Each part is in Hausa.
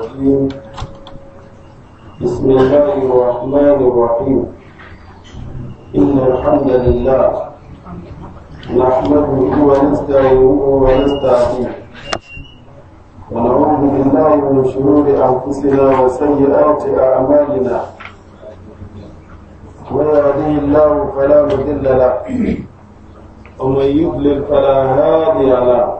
الرجيم بسم الله الرحمن الرحيم إن الحمد لله نحمده ونستعينه ونستعينه ونعوذ بالله من شرور أنفسنا وسيئات أعمالنا ويهديه الله فلا مضل له ومن يضلل فلا هادي له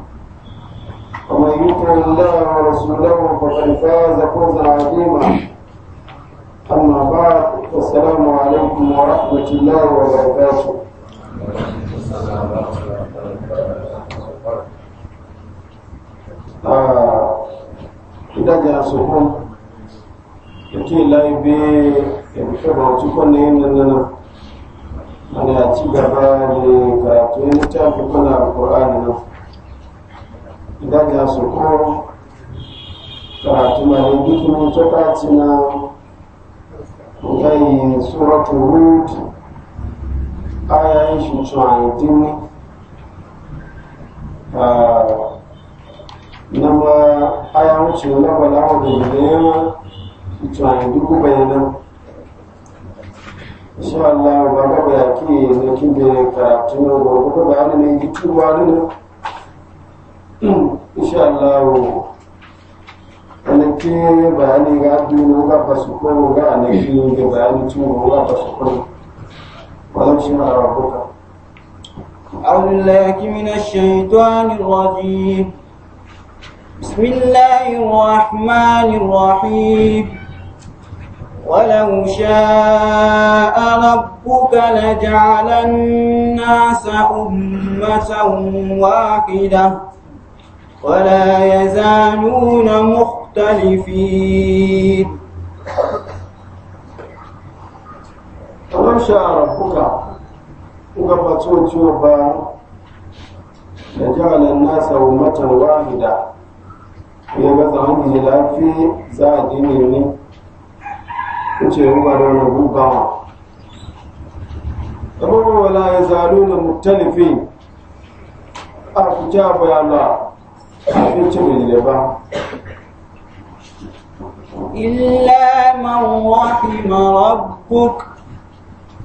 ومن يطع الله ورسوله فقد فاز فوزا عظيما أما بعد والسلام عليكم ورحمة الله وبركاته Ìdájà sọ̀kún, ètò ìláyé bí ẹ̀rùfẹ́bà tí kọ́ ní nínú àti àti gàbá ní kàràtò ní tàbí kọ́nà àkùrá ìdájà sọ̀kọ́ karatu mai dukkan ta ɓaci na gai suratu hud ayayin shi cuwan dini na ma aya wuce na balawa da yanayin shi cuwan duku bayanan insha Allah ba ga bayaki na kibe karatu na gobe bayanan ne yi tuba ne insha Allah anaki bayani ga duniya ga fasukon ga anaki ga bayani tun ga fasukon walam shi na rabuka أعوذ بالله من الشيطان الرجيم بسم الله الرحمن ولو شاء ربك لجعل الناس أمة واحدة ولا يزالون مختلفين ومن شاء ربك وقفت وتوبا لجعل الناس أمة واحدة ya gaza wani ne lafiya za a ji ne ne kuce yi wa rana gugawa abubuwa la ya zaru na mutanifin a kuce abu ya ba إلا من رحم ربك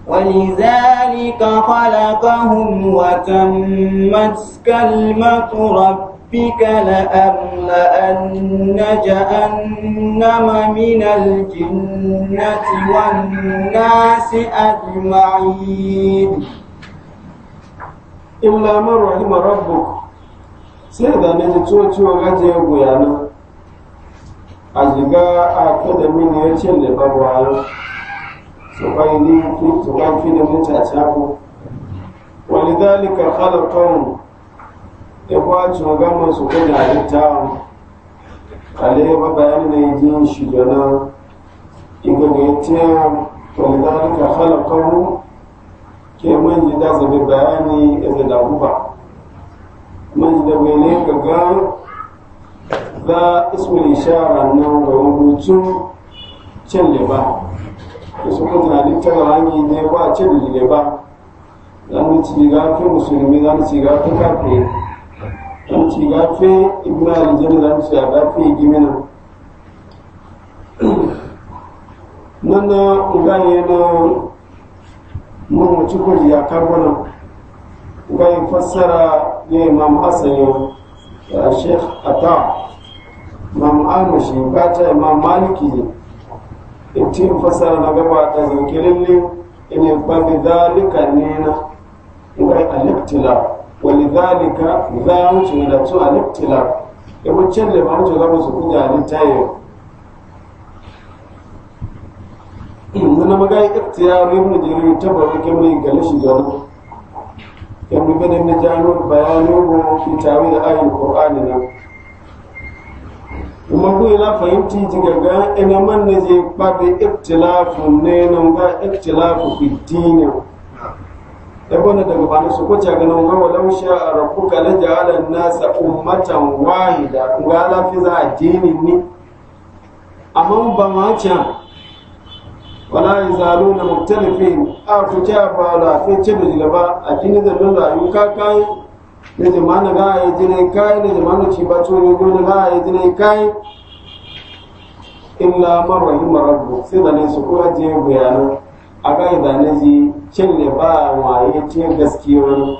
ولذلك خلقهم وتمت كلمة ربك لأملأن جهنم من الجنة والناس أجمعين إلا من رحم ربك sai da na ji cociwa gaje guyana a jiga a kada mini ya ce da barwayo su bai ni su bai fi da mutace ku wani dalika halakon ya kwaci gama su kuma halitta ale ba bayan na yi jin shi gana iga ga yatiya wani dalika halakon ke mun yi da zabi bayani ya zai da guba man da wani gaga za ismul ishara nan ga rubutun cin liba da su kuma tunanin tara hanyi ne ba cin liba za mu ci gafe musulmi za mu ci gafe kafe za mu ci gafe ibn alijani za mu ci gafe gimina nan na gaye na mun mutu kuri ya karbuna gaye fassara ya imam hassan ya sheikh ata imam amashi bata imam maliki itin fasara na gaba ta zikirin ne ina babi zalika ne wai aliktila wani zalika za a wuce da tun aliktila ya wucin da ba wuce zama su kuja ne ta yi nuna magayi ikhtiyar ibn jirir tabbata kimni yanzu ganin na jano bayanin mu fi tare da ayin qur'ani na kuma ku yana fahimci jigaga ina man na je babu iftilafu ne nan ga iftilafu fi dinin da bane daga bani su kuce ga nan ga walau sha rabbuka la ja'ala an-nasa ummatan wahida ga lafi za dinin ni amma ba ma can wala yazalu na mutalifi a ku ce a la fe ce da gaba a kini da nan rayu ka kai da jama'a ga yi jine kai da jama'a ci ba to ne dole ga yi jine kai In man rahima rabbu sai da ne su kura je bayanu a ga zane ji cin ne ba waye ce gaskiya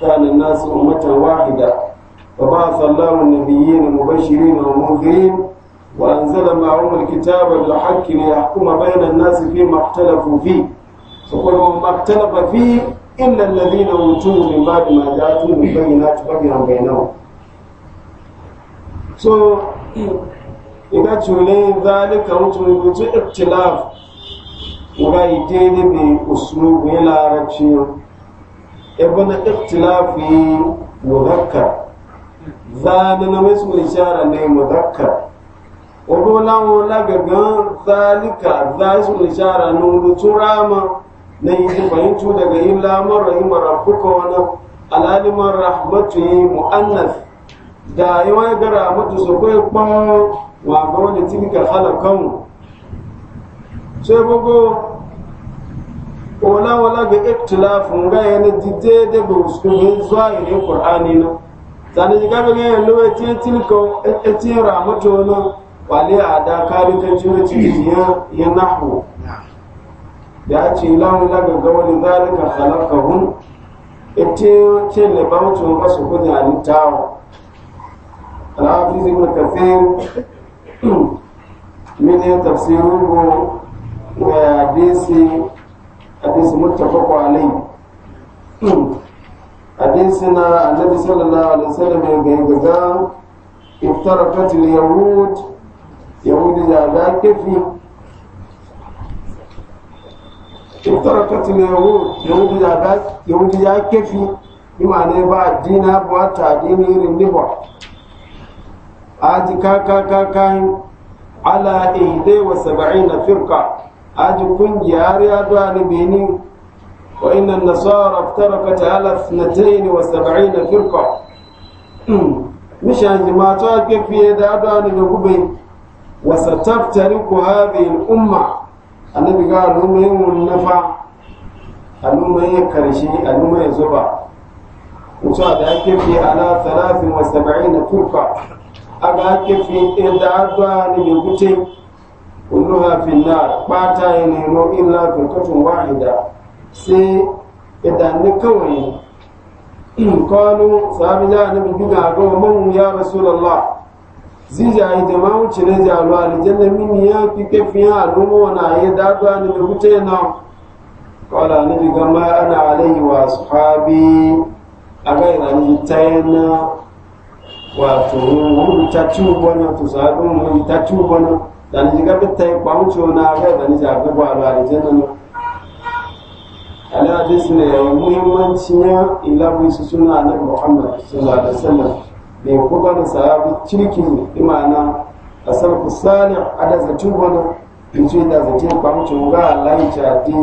tsanin nasu ummatan wahida wa ba mu nabiyyin mubashirin wa munzirin وأنزل معهم الكتاب بالحق ليحكم بين الناس فيما اختلفوا فيه فقل ما اختلف فيه إلا الذين أوتوه من بعد ما جاءتهم البينات بغيا بينهم so iga tule zalika mutum mutu ikhtilaf uga ite ne bi uslubu ya larabci ibn ikhtilafi mudakkar zalina wasu ishara ne mudakkar obo lawon lagagan zalika za su nishara nun rutu rama na yi ji fahimtu daga yin lamar rahima rabuka wani alaliman rahmatu yi mu'annas da yi wani gara mutu su wa ga wani tilika halakan sai bugu ola wala ga iktilafin gaya na jide na tilka e, e na wale a da ta na ciki ya nahu ya ce lamu laga ga wani zalika halakahun ita ce ne ba mutu ba su kudin halittawa al'afiz ibn kafir min ya tafsirin go wa hadisi hadisi muttafaqu alayhi hadisi na annabi sallallahu alaihi wasallam ya ga ga iftaraqat al-yahud yahudi zaga kefi iftaraqat al-yahud yahudi zaga yahudi ya kefi imane ba addina ba ta addini irin ni ba aji kaka kaka ala ihde wa sab'ina firqa aji kungiya ya da ni benin wa inna nasara iftaraqat ala 72 firqa mishan jama'a ta kefi da da وستفترق هذه الأمة النبي قال لهم النفع الأمة يكرشي كرشي الأمة هي زبا وصاد أكفي على ثلاث وسبعين فرقة أكف أكفي إدعى الدعاء لبيوتي كلها في النار باتا ينهنو إلا فرقة واحدة سي إدعى النكوين قالوا صحابي جاء النبي قال يا رسول الله zija idema wuce ne ji ruwa aljanna mini ya kike fiya al'umma wana ya dadwa ne da wuce na kawala ne bi gama ana alayhi wa sahabi a gaira ni ta yana wato mun ta ci wani to sahabi mun ta ci da ni ga bitta ya kwa wuce wani a gaira ni suna muhammad mai kubar sababi cikin imanan a san fusali a da zaci wani in ce da zaci kwamcin ga a di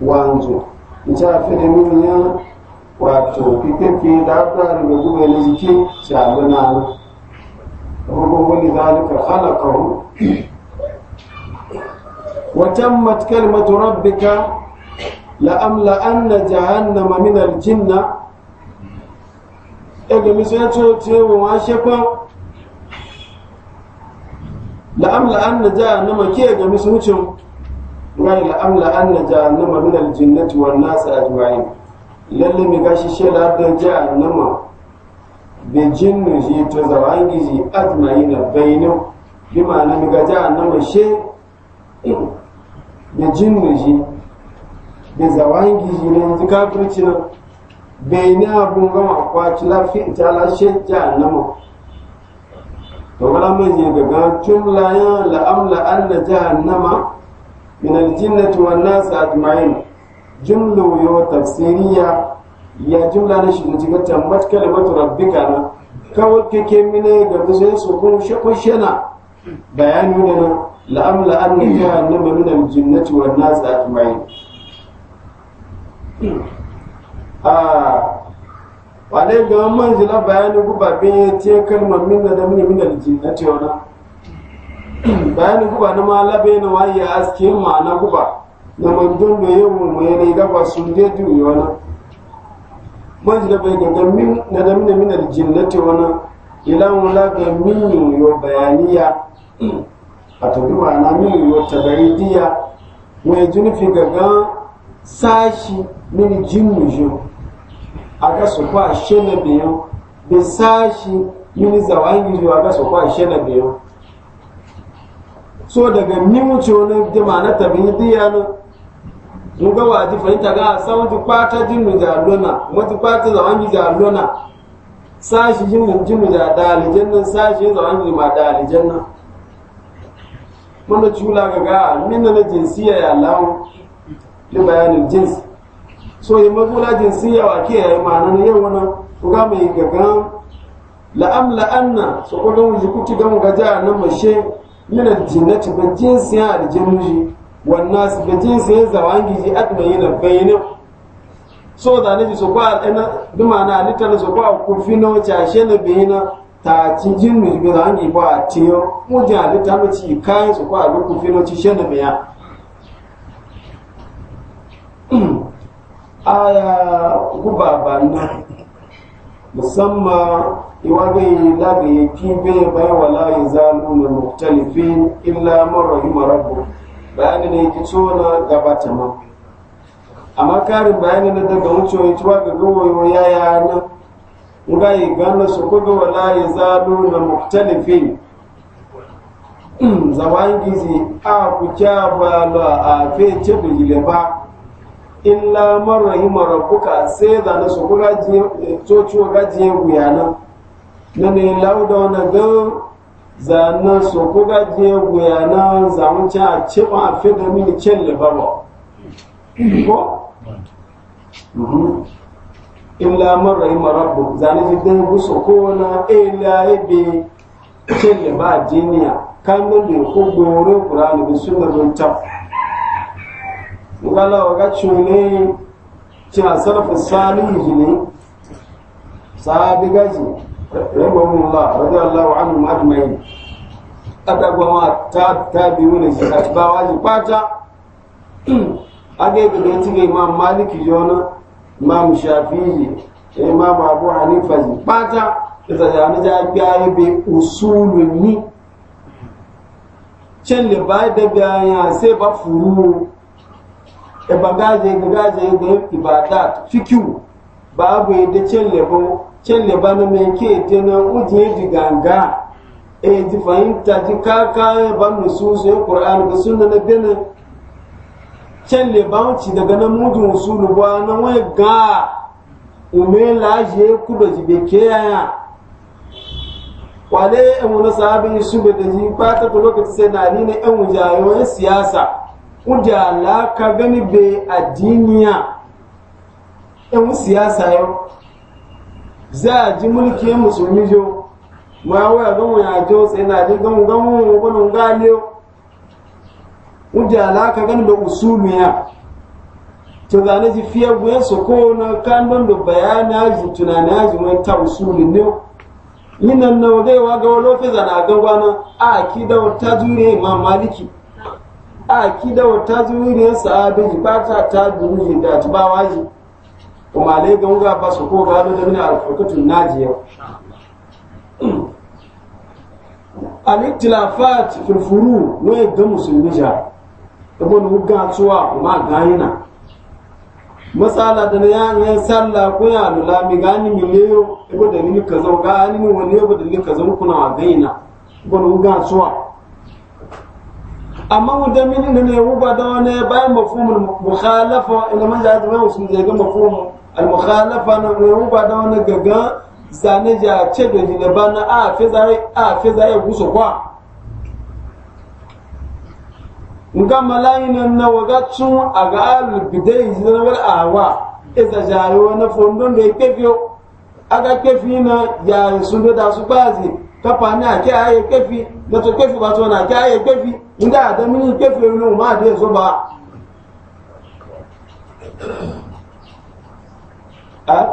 wanzu in ce a fi da nuniya wato fita ke da haka da mai gube na jiki shabi na nan rubun wani zalika halakaru wajen matkal maturabbika la'amla'an na jahannama minar jinna ẹgbẹ̀mí sọ tí ó tí ó wọ́n wá ṣe pọ́n la'amla an na ja nama ke ẹgbẹ̀mí sọ wucin wani la'amla an na ja nama min aljinnati wa nasa ajma'in lalle mi gashi shi la da ja nama da jinnu ji to zawangi ji ajma'in bainu bi ma'ana mi ga ja nama she da jinnu ji da zawangi ji ne ji kafirci nan abun bẹ̀ẹ̀ni agungan akwaci lafiya ta lashe jahannama to wala manye daga tun layan la'amla alla jahannama min aljinnati wan nas ajma'in jumla yo tafsiriya ya jumla na shi jiga tambat kalimatu rabbika na kawai kake mine ga musu su kun shakon shana bayani ne na la'amla alla ma min aljinnati wan nas ajma'in Ah. wale ga man jila bayani guba bin tiye kalmar minna da mini minna na ce wani bayani guba na ma labe na waye aske ma'ana guba na mandun da yau mu yana ba sun je juyi wani man jila bai ga min na da mini na jinnati wani ila wula ga min yo bayaniya a tabi ma'ana min yo tabaridiya mai junufi ga gan sashi min jinnu jiyo aga su kwa shele biyu da sashi yini zawangi zuwa aga su kwa shele biyu so daga nimuce wani jima na tabi diya no mu ga waji fahimta ga san wata kwata jinnu da lona wata kwata zawangi da lona sashi jinnu jinnu da dalijan nan sashi zawangi ma dalijan nan mun da cula ga ga min na jinsiya ya lawo li bayanin jinsi so yi magula jinsiya wa ke yayi ma'ana na yau wani kuga mai gagan la'am la'anna so ko don ji kuti don gaja na mashe mina jinnati ba ya a jinnuji wannan su ba an zawangi a admayi na bayanin so da ne so ba ina duma na alita na so ba ku na cha ashe na bayanin ta ci jinnuji ba yi ba tiyo mu ji alita ba ci kai so ba ku na ci shi na bayan aya gubabanna musamman iwagai lagaye kibe bayan wala ya zalu na muktalifin illa marahima rabu bayani ne ki tona gabata ma amma karin bayani na daga wucewa ci wa ga gawoyo ya yana nga yi gana su kuga wala ya zalu na muktalifin zawangizi a ah, kuka ba la a fe ce ba illa man rahima rabbuka sai eh, da na su kuga jiye to ciwo ga jiye wuyana na ne lauda wani ga zanen su kuga jiye wuyana zamun ci a cewa a fi da mini cin libaba ko mhm. illa man rahima rabbu zanen ji dan gusa ko na illa ibe cin liba jiniya kan da ko gore kurani bi sunna don tafi ngala waga cune cina sarfa salihi ne sahabi gaji wa radiyallahu anhu ajma'in adagbawa ta tabi wani shi ba shi kwata aga ga ya cike imam maliki jona imam shafi'i imam abu hanifa shi kwata ita da ni ja biya be usulun ni cin da bai da biya sai ba furu e ba gaze ga zai ga ibadat fikiu babu yadda cellebo celleba na mai ke tana ujiye ji ganga e ji fahimta ji kaka ba su ya e, qur'an ga sunna na bene celleba ci daga na mujin usulu ba na wai ga umela je ku ji be ke yaya wale emuna sahabin su be da ji fata to lokaci sai na ni ne en wujayo e, siyasa wuja alaka gani be addiniya ewu siyasa yau za a ji mulki ya musulmi jo ma waya gamu ya jo sai na ji gamu gamu gudun galiyo wuja alaka gani da usumiya to zane ji fiye gwen su ko na kandon da bayani aji tunani aji mai ta usulin ne yi na wagewa ga wani ofe zana na a akida ta jure ma maliki a kida wata zuwiriyar sahabi ji ba ta ta duru da ta ba waji kuma ne ga wuga ba su ko ba da da mina alfarkatun najiya al-ittilafat fil furu ne ga musulmi ja ibn wuga tsuwa kuma na. matsala da ya yan sallah ko ya lula mi gani mi leyo ibo da ni ka zo gani mi wani ibo da ni ka zo kuna gayina ibn wuga tsuwa amma mu da mini ne wu ba da wani bayan e mafhumul mukhalafa ina man jaji ba musu je ga mafhum al mukhalafa na ne wu ba da wani gaga zane ja ce da ni ba na a fe zai e, a fe zai e guso kwa nga malayina na waga tun aga alu bidai zina wal awa iza jayo na fondon da kefio aga kefi na ya sun da su bazi kafa ne ake aye kefi na to kefi ba to na ake aye kefi inda a da mini ke fi nu ma da so ba a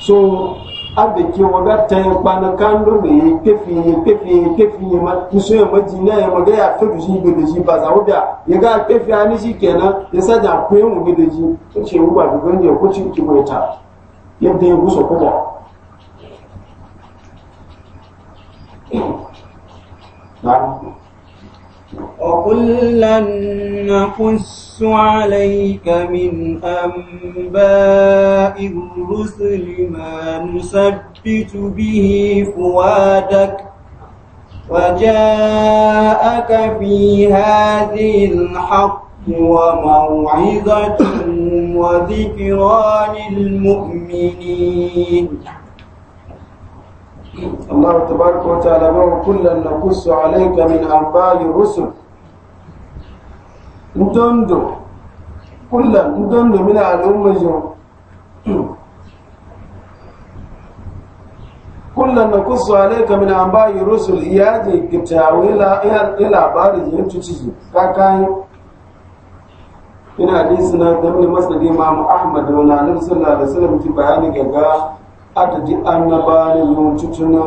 so abe ke waga ta yi kwana kando da ya kefi ya kefi ya kefi ya musu ya maji na ya maga ya fi dushi ga dushi ba za wuda ya ga kefi ya nishi kenan ya sa da ku yin wuga dushi ta ce wuba da gani ya kuci ki mai ta yadda ya gusa kuma نعم. وكلا نقص عليك من أنباء الرسل ما نثبت به فؤادك وجاءك في هذه الحق وموعظة وذكرى للمؤمنين الله تبارك وتعالى وكلا نقص عليك من أنباء الرسل ندندو كلا ندندو من الأمة كلا نقص عليك من أنباء الرسل إيادي كتاوي إلى بارج يمتشي كاكاي ina hadisi na da masnad Imam Ahmad wa Nabi sallallahu alaihi wasallam ti bayani ga adadin annabawan mututuna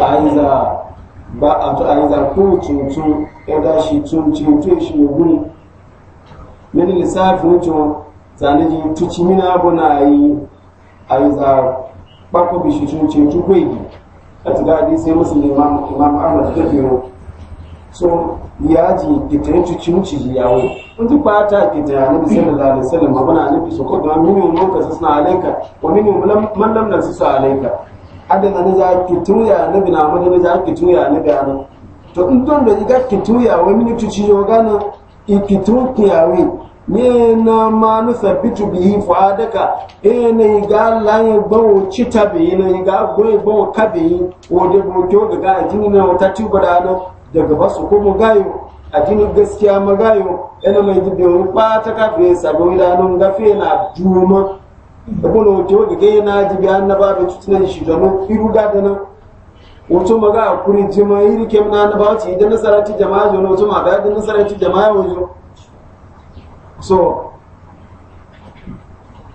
a ba a to aiza za ko tuntun ya da shi tuntun tun shi ne guri min ne mutum zane ji tuci mina abu na yi ba ko bi shi bishi tuntun tun kwaigi a tiga adi sai musulman imam ahmad da biyu so ya ji fitar tuci ya yawo nti kpata kita ya nabi sallallahu alaihi wasallam abuna nabi so ko ga minimum mun ka sasna alaika wa na man lam alaika za ki tuya nabi na mun za ki tuya nabi an to in don da ga ki tuya wa tuci yo gana ki tuki ne na ma nu sabitu bihi e ne bi ne kabi o de bo ga ga na ta tuba da daga basu ko gayo jini gaskiya magayo yana mai gibe wani ɓata kafin ya sabon idanun gafe na juma da kuma wuce wadda gaya na jibi an na babu tutunan shi da mun iru da da nan wato maga a kuri jima rike muna na ba wace idan nasara jama'a zo na wato ma da nasara ci jama'a wajo so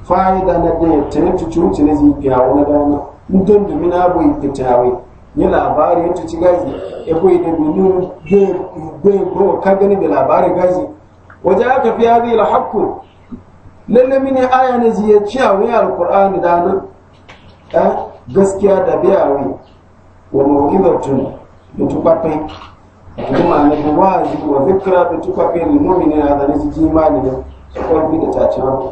fa'ida na da ta yi cucu ne zai fiya wani dama mutum da mina bai fita wai ni labari yato ci gaji ya koyi da binu bai gowa ka gani da labarin gaji waje aka fi yari la hakku lallami ne aya ne ziye ciya wani alkur'ani da nan eh, gaskiya da biya wani wa tun da tukwafai kuma na da wazi wa zikira da tukwafai limomi ne na zane su ji imani da kwarfi da tacewa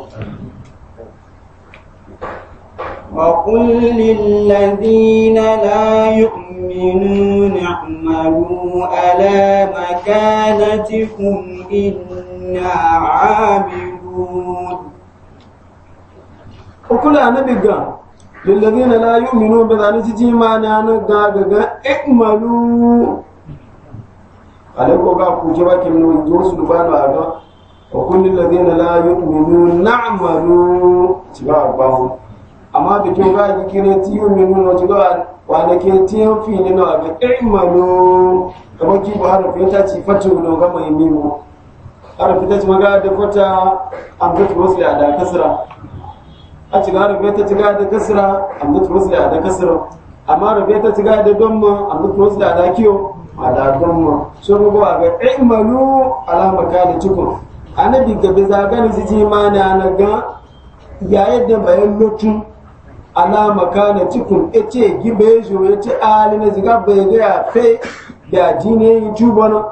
فقل للذين لا يؤمنون اعملوا على مكانتكم إنا عاملون وكل أنا بقى للذين لا يؤمنون بذلك تجي ما نانا قاقا اعملوا عليكم بقى كوجبك من جوز لبانو هذا وكل الذين لا يؤمنون نعملوا تبع بعضهم amma da ke ba ki kire ti yun min nuna jiga wa da ke ti yun fi ni na ga imanu Da ki ba fi ta ci fatu no ga mai har fi ta ci maga da fata an ga musli a da kasra a ci fi ta ci ga da kasra an ga musli a da kasra amma fi ta ci ga da damma an ga musli a da kiyo a da damma sun ga ga imanu alama ka da tukun annabi gabe zagani ji ma na ga ya yadda bayan lokacin Ana makana cikin ece gibe jo ya ce ali na ziga bai ga ya fe da jini yi tuba na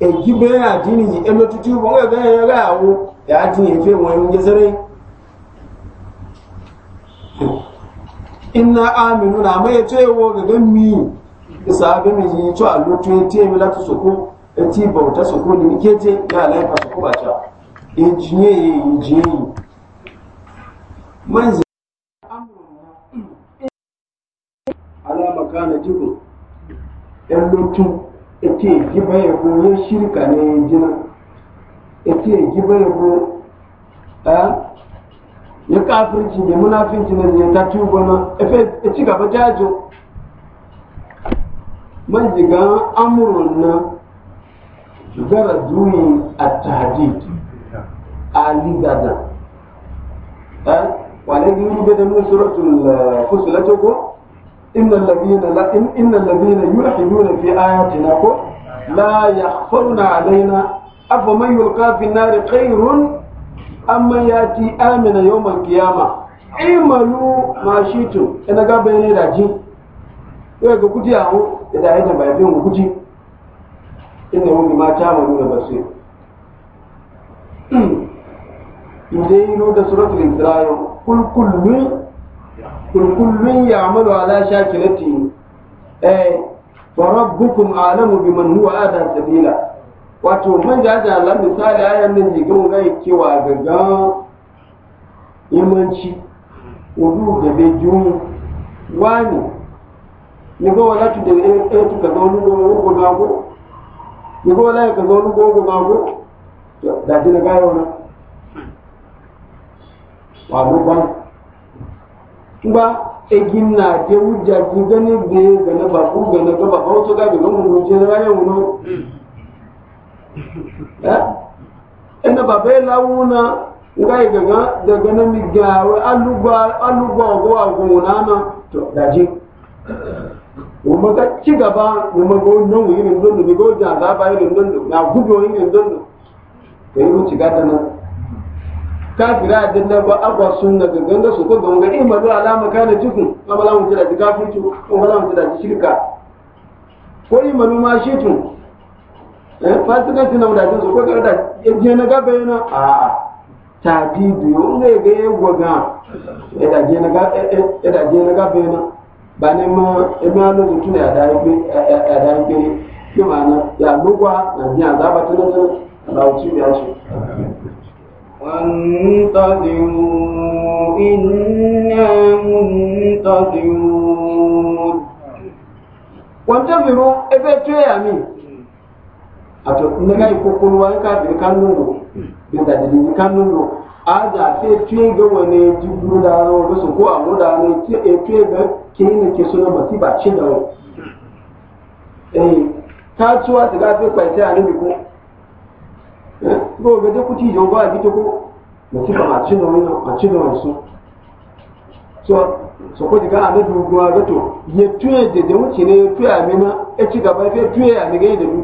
e gibe ya jini yi eno tutu ba ga ya ga yawo ya jini ya fe wani gizare inna aminu na mai ce wo ga gan mi isa ga mi yi to a lotu ya te mi lati soko e ti bauta suku, ni ke je ga laifa suku ba ta yi injiniye manzi kana jiku ɗan lotun ake giba yabo ya shirka ne ya jina ake giba yabo a ya kafirci da munafinci na ya ta tuba na efe ya ci gaba jajo man jiga amurin na gara duyi a tahdid a ligada a wani gini bada mun suratul fusilato inna alladhina la in inna alladhina yulhiduna fi ayatina ko la yakhfuna alaina afa man yulqa fi nari khairun amma yati amina yawm alqiyama imalu ma shitu ina ga bayani da ji yau ga kuji awo da ya da bayani kuti. kuji inna yawm ma ta ma nuna basir in dai no da suratul israil kul kullu kullun ya'malu ala shakilati eh fa rabbukum a'lamu biman huwa ada sabila wato man da da Allah misali ayan nan ne ga ga kewa gaga imanci wudu da jun wani ne ga wala tu da eh tu ka zo nugo ko ga ko ne ga wala ka zo nugo ko ga ko da dina ga yau wa ban ba egin na ke wujja ki gani ebe ga na babu ga na ga babu to ga hmm. eh? e ga e na ya wuno eh ina babe launa ngai ga ga da ga na mi ga wa aluba aluba go wa go na na to da ji mu maka ci gaba mu maka wannan wuyin don na gubo yin don da mu kafira a dinna ba agwa sunna gangan da su ko gangan eh mazu alama kana jikun amala mun tira kafirci ko wala mun tira shirka ko yi ma shi eh fasika tana da su ko ga da je na gaba yana a a ta bi biyo ga ya gwaga eh da je na gaba eh da je na yana ba ne ma ina no mutune a da a da ke ya na biya ba biya shi وانتظروا إنا منتظرون وانتظروا إبتوا يا مين a da sai fiye bó gbẹdẹ kú tí ìjọba àbí tó kó lọtí bàbá àtúnà àtúnà ẹsùn so sọkó ti ká àdébí ogun agbẹtọ yẹ tún ẹ dèdè ń tì ní tún àmì náà ẹ gàba fẹ àmì dẹmi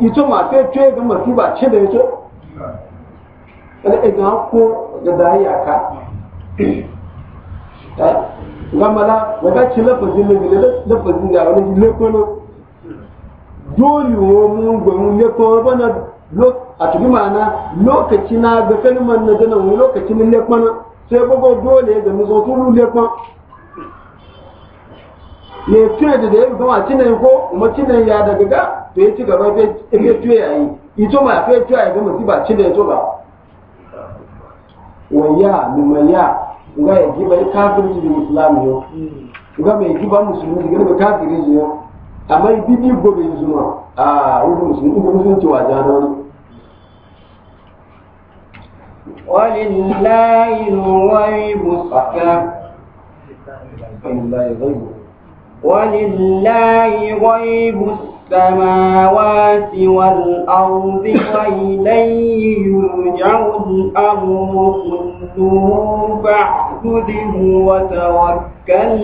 mi gbẹ ẹ dada dole wo mu gwamu ne ko bana a tumi mana lokaci na ga kalmar na dana wani lokaci na lekwana sai bugo dole ga nuzo tulu lekwan ne tuye da ya gama cinan ko kuma ya daga ga to ya ci gaba ya ya yi ito ma fe tuye ya gama ba to ba waya ga ya giba kafirci da islam hmm. ga mai giba musulmi ga kafirci amma idi ni gobe zuwa a wurin musulmi da musulunci wa jana wani. Walillahi wai musaka. Walillahi wai ولله غيب السماوات والأرض وإليه يرجع الأمر كله فاعبده وتوكل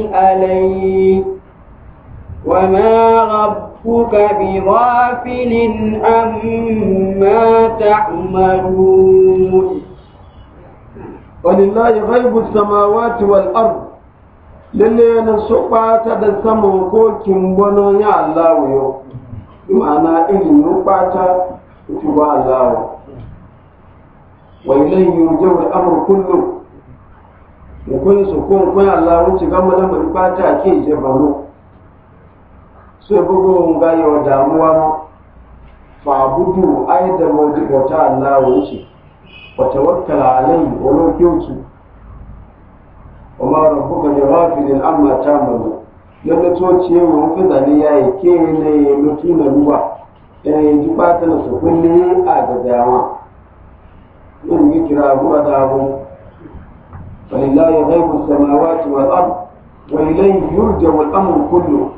وما ربك بغافل عما تعملون ولله غيب السماوات والأرض lalle na soɓa ta da saman kokin wani ya Allah yau ma'ana irin nufa ta ita ba Allah wa ilayhi yurja'u al-amru kullu mu kun su kun kun Allah wuce gama lamarin fata ke jabanu sai bugu ga yau damuwa fa'budu ai da mawji bauta Allah wa yake wa tawakkala alai wa lokiyoki wa ma rabbuka amma yadda to ce wa mafi zane ya yi ke ne mutu na ruwa ya yi ji bata na su a ga dama in yi kira abu walillahi ghaibu samawati wal ard wa ilayhi yurja wal amru kullu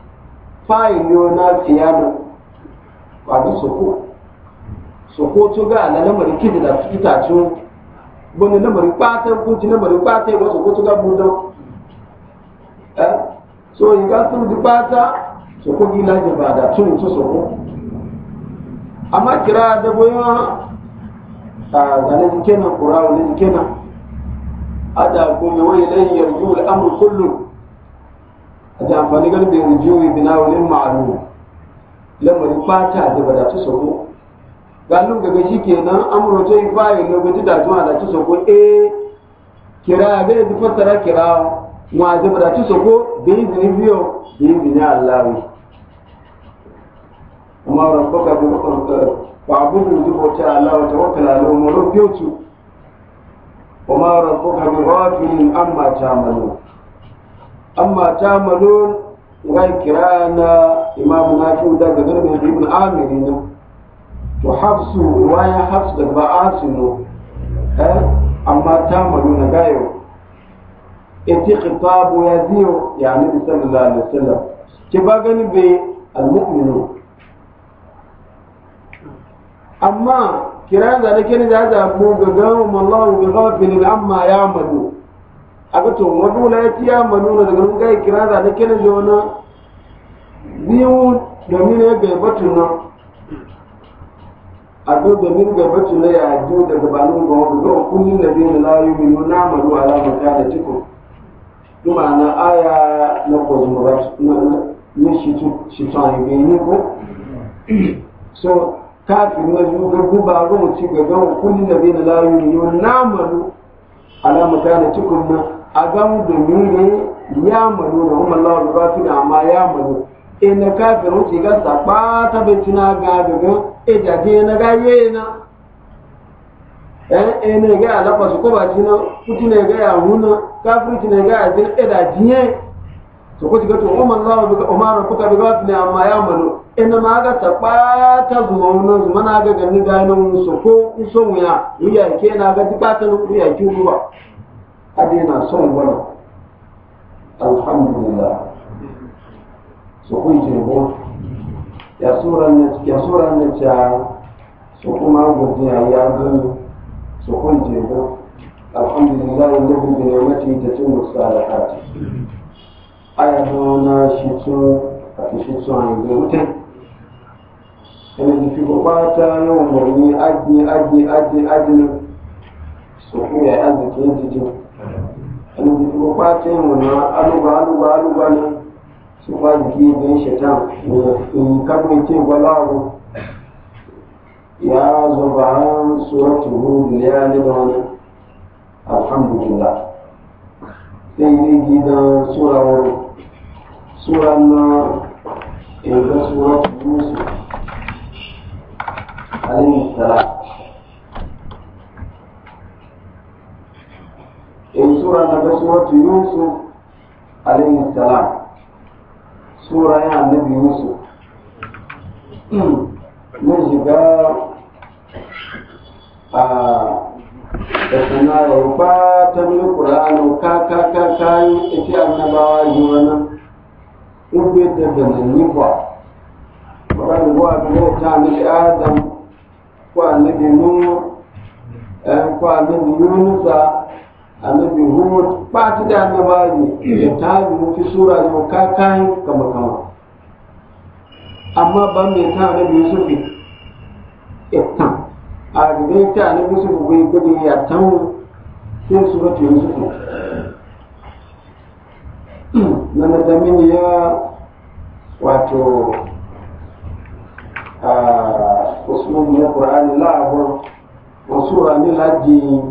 fáìlì ọ̀nà tìyànà wàdí sòkò sòkò tó gà àná lẹ́mọ̀rí kéde nà fìkítà tó gbọ́nà lẹ́mọ̀rí pátẹ́ kúti lẹ́mọ̀rí pátẹ́ ìwọ́n sòkò tó gà gbọ́dọ̀ ẹ́ so ìgbà tó di pátá sòkò yìí lájẹ̀ bàdà tó ní tó sòkò àmà kìrà àdàbọ̀yà Kena, kéna kùrà òlẹ̀ kéna àdàgbọ̀mẹ̀wọ̀n ilẹ̀ yẹ̀rù yóò lẹ́ da amfani galibi da bina wani ma'alu lamarin fata da ba da ta shi kenan amuro ta yi fayin lokaci da tuma da ci soko eh kira ya bai da kira wa da ba da ta sako da yi biyo amma rabbaka bi fa'budu eh, bi bauta allah tawakkal ala umuru biyo tu amma rabbaka bi amma amma ta malon ngai kira na imam nafi'u daga ganin ibn amir ne to hafsu riwaya hafsu daga ba a eh amma ta malona gayo eti khitabu ya diyo ya nabi sallallahu alaihi wasallam ke ba gani be almu'minu amma kira da nake ne da za mu ga gawo mallahu bi ghafilin amma ya malu aka to ya la tiya na daga nun gai kira da nake na jona biyu domin ne bai batu na a to domin bai batu na ya do daga banun ba wanda ga na da bin yi biyu na madu ala mata da tiko kuma na aya na ko ba na ne shi tu shi ta yi ko so kafin na ga guba ruwa ci ga ga na da na yi biyu na madu ala mata da tiko na agan domire ya malu da kuma Allah rubafi da amma ya malu e na kafin ga saba ta bai ga gaga e da na ga na eh e ne ga alafa su ko ba na kuti ne ga ya huna kafin ti ne ga ya e da jiye ko ga to kuma Allah ga Umar amma ya malu na ma ga saba ta zuwa na zuma na ga ganin su ya yi na ga ya ade na son wannan alhamdulillah sukun kun ya sura ne ya sura ne Su ya kun alhamdulillah alladhi bi ni'matihi tatimmu salihat na shi tun a shi tun an ga mutum ẹni tí kò bá tá aji mọ̀ ní ádì ádì ádì ádì ko kwatin wuna aluba aluba aluba ne su kwa jiki da ya shata in kabin ce gwalawo ya zo ba an suratu hudu ya ne da wani alhamdulillah sai ne gidan sura wuri sura na inda suratu musu alayhi salam in sura na ga suratu yusuf alaihi salam sura ya annabi yusuf hmm. mun shiga a ah, da suna yarba ta mil ka ka ka ka yi ake annabawa yi wani ube da zananni ba ba ta annabi adam kwa annabi nuhu eh, yunusa annabi hud ba ta da annaba ne ya ta mu fi sura ne ka kai kama kama amma ban ne ta annabi yusuf ita a gidan ta annabi yusuf bai gudu ya tan sai suratu yusuf na da mini ya wato a usman ya qur'ani la'abur wasu ranin lajin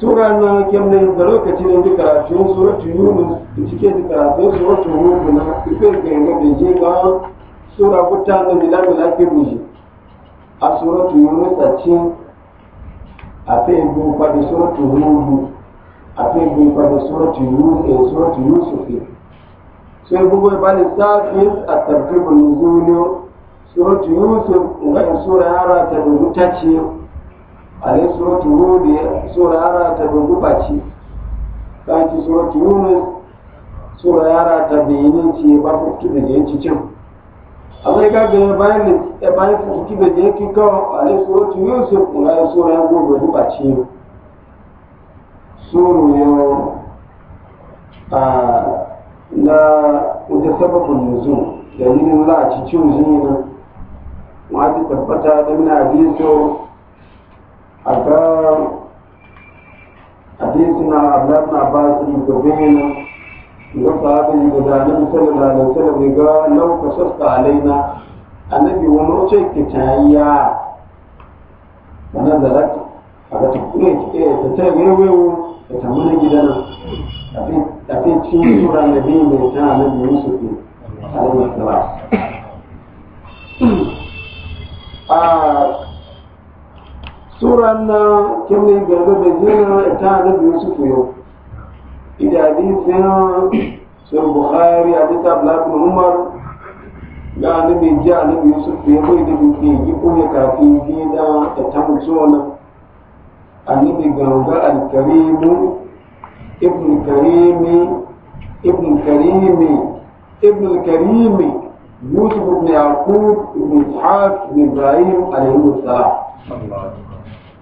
sura na kemne da lokaci ne da karatu suratu yunus cike da karatu suratu hud na ife ke ga da je ga sura kuta na bila bila ke buji a suratu yunus a ce a fe bu pa da suratu hud a fe bu pa da suratu yunus e suratu yusuf sai bugo ba ne safi a tartibul nuzul suratu yusuf ga sura ara ta rubutacce anin suratu hud sura yara ta duguba ce kanki suratu yunus sura yara ta bayani ce ba fuftu da yanci cin abai ka ga ya da bayan fuftu ya sura ya gobe yau a na wata sababin nuzul da yin ci cin na ma ta tabbata da muna أكا حديثنا عبد الله بن عباس المتبين وصحابه النبي صلى الله عليه وسلم قال لو كشفت علينا النبي ونوشي كتايا فنزلت aka tafiye ta ta wewewo da ta muna gidan a fi cin tura da biyu mai tana nan da yusuf ne a wani kira suran na kemgbe garba da jina ta annabi yusuf yau ida hadisin sun bukhari hadis abdullahi umar da annabi ji annabi yusuf ya bai da biki yi kuma kafi bi da ta tamuso na annabi ganga alkarimu ibn karimi ibn karimi ibn karimi yusuf ibn yaqub ibn ishaq ibn ibrahim alayhi salam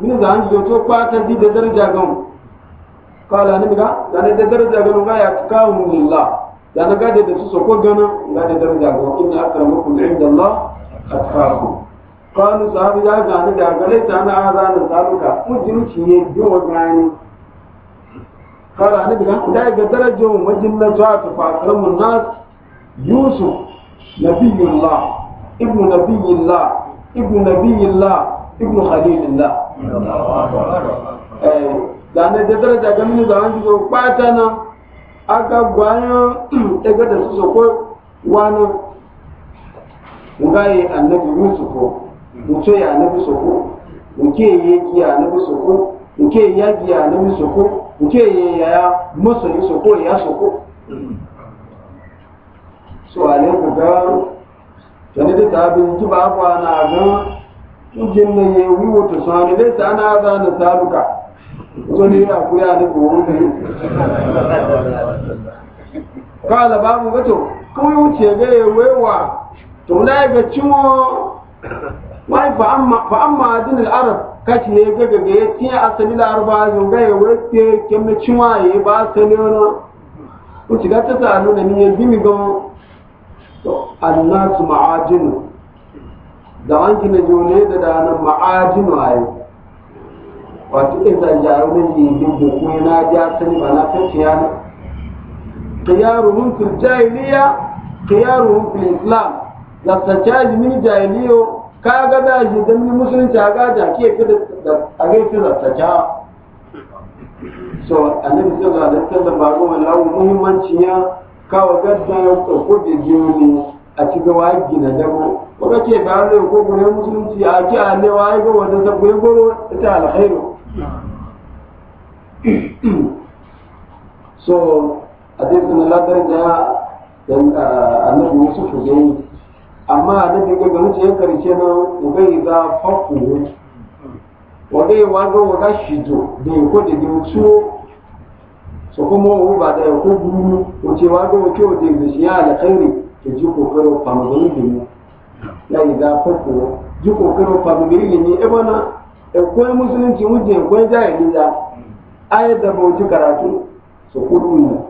min za an jo to kwata di da daraja gan kala ni ga da ne da daraja gan ga ya kawo lillah da na gade da su soko gana ga da daraja gan inna akramakum indallah atqakum qalu sahabi ya ga ni da gale ta na azana saluka mun jinu ci ne biyo gani kala ni ga da ga daraja mu majinna ta ta fakramun nas yusuf nabiyullah ibnu nabiyillah ibnu nabiyillah ibnu khalilillah zane da daraja da an jizo kwata na aka gwayan daga da su sako wani ngaye annabi yusufu mutu ya annabi soko muke yaki ya annabi soko muke yaki ya annabi ya so ga tani da tabi ki ba na kijin na ya yi wato sani ne ta na za na taruka so ne ya ku ya ne ko ne kala babu gato yi wuce ga ya wewa to na ga cimo wai fa amma fa amma din al ne ga ga ya ti asali al-arba zo ga ye wete kemme cima ye ba sani ona wuce ga ta ta nuna ni ye gimi ga to annasu ma'ajinu da wanki na jone da dana ma'ajin waye wato idan jarumin yibin da kuma na ja sani ba na kace ya na qiyaruhum fil jahiliya qiyaruhum fil islam la tajaji min jahiliyo ka ga da shi da min musulunci ga da ke fi da a ga fi da taja so annabi sallallahu alaihi wasallam ba goma lawo muhimmanci ya kawo gaddan ko da jini a ga wa gina dabo wanda ke da hannun ko gure musulunci a ci a ne wa ga wanda ta gure goro ita alkhairu so da dan musu Yusuf ne amma annabi ga ga mutane karshe na ubai za fafu wade wa ga wa da da da mutu so kuma wa ba ya ko guru ko ce ke da shi ya ka ji kokarin faruwar na ya yi zafafuwa ji kokarin faruwar ilimi ebe na ekwe musulunci wuce ekwe jahiliya ayat da bauchi karatu su kudu ne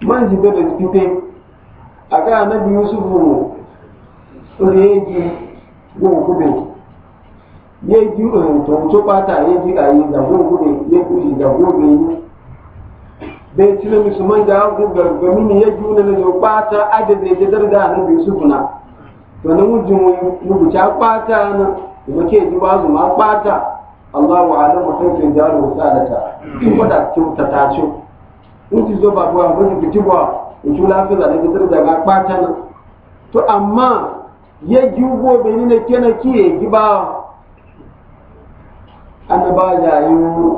man a ga annabi yusufu reji gungume yeji tòun tó pátá yeji àyè eh, ìdàgbòǹgùnmí yeji ìdàgbòǹgùnmí da ya cire musulman da hankali gargami ne ya juna na jau ɓata adadin da ya da na biyu sufuna to na wujin rubuta ɓata na da ke ji ba su ma ɓata Allah wa alam wa sai kin jaro sadata in kwada kyauta ta ce in ci zo ba ba ba ba in lafiya da da ga na to amma ya ji gobe ni na kena kiye giba annaba ya yi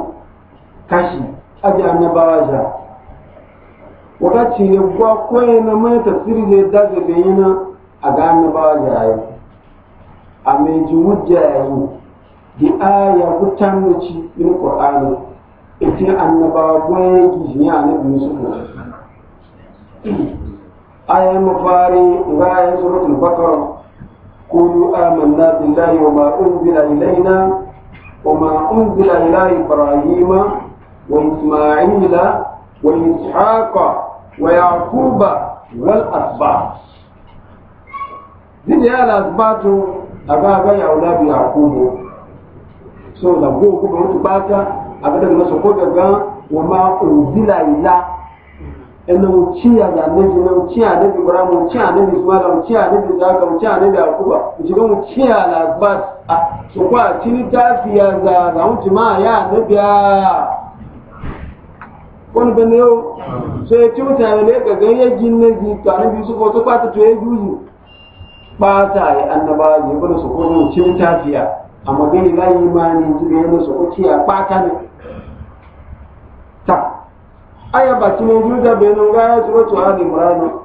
kashi aje annabawa ja wakati ya kwa kwaye na mai tafsiri da ya daga da yana a ga annabawa da ayi a mai ji hujja yayi di aya gutan da ci in qur'ani ita annabawa gwaye gishi ya annabi yusuf aya mafari aya suratul baqara qulu amanna billahi wa ma unzila ilayna wa ma unzila ila ibrahima wa isma'ila wa ishaqa ويعقوب والأتباع دين يا الأسباط أبابا يا أولاد يعقوب so da go ko mutu bata abada na so ko daga wa ma unzila ila ina uciya da nabi na uciya da ibrahim uciya da ismail uciya da zaka uciya da yakuba uciya uciya la bas so kwa tini tafiya za za mutu ma ya nabiya wani bane yau so ya ci mutane ne ga ganye gin ne ji to an biyu su ko to kwata to ya juju ya annaba ne bane su ko mun cin tafiya amma gani na yi imani ji ne ne su ko ci ya ne ta aya ba ci ne juda bai nan ga ya suratu ali murano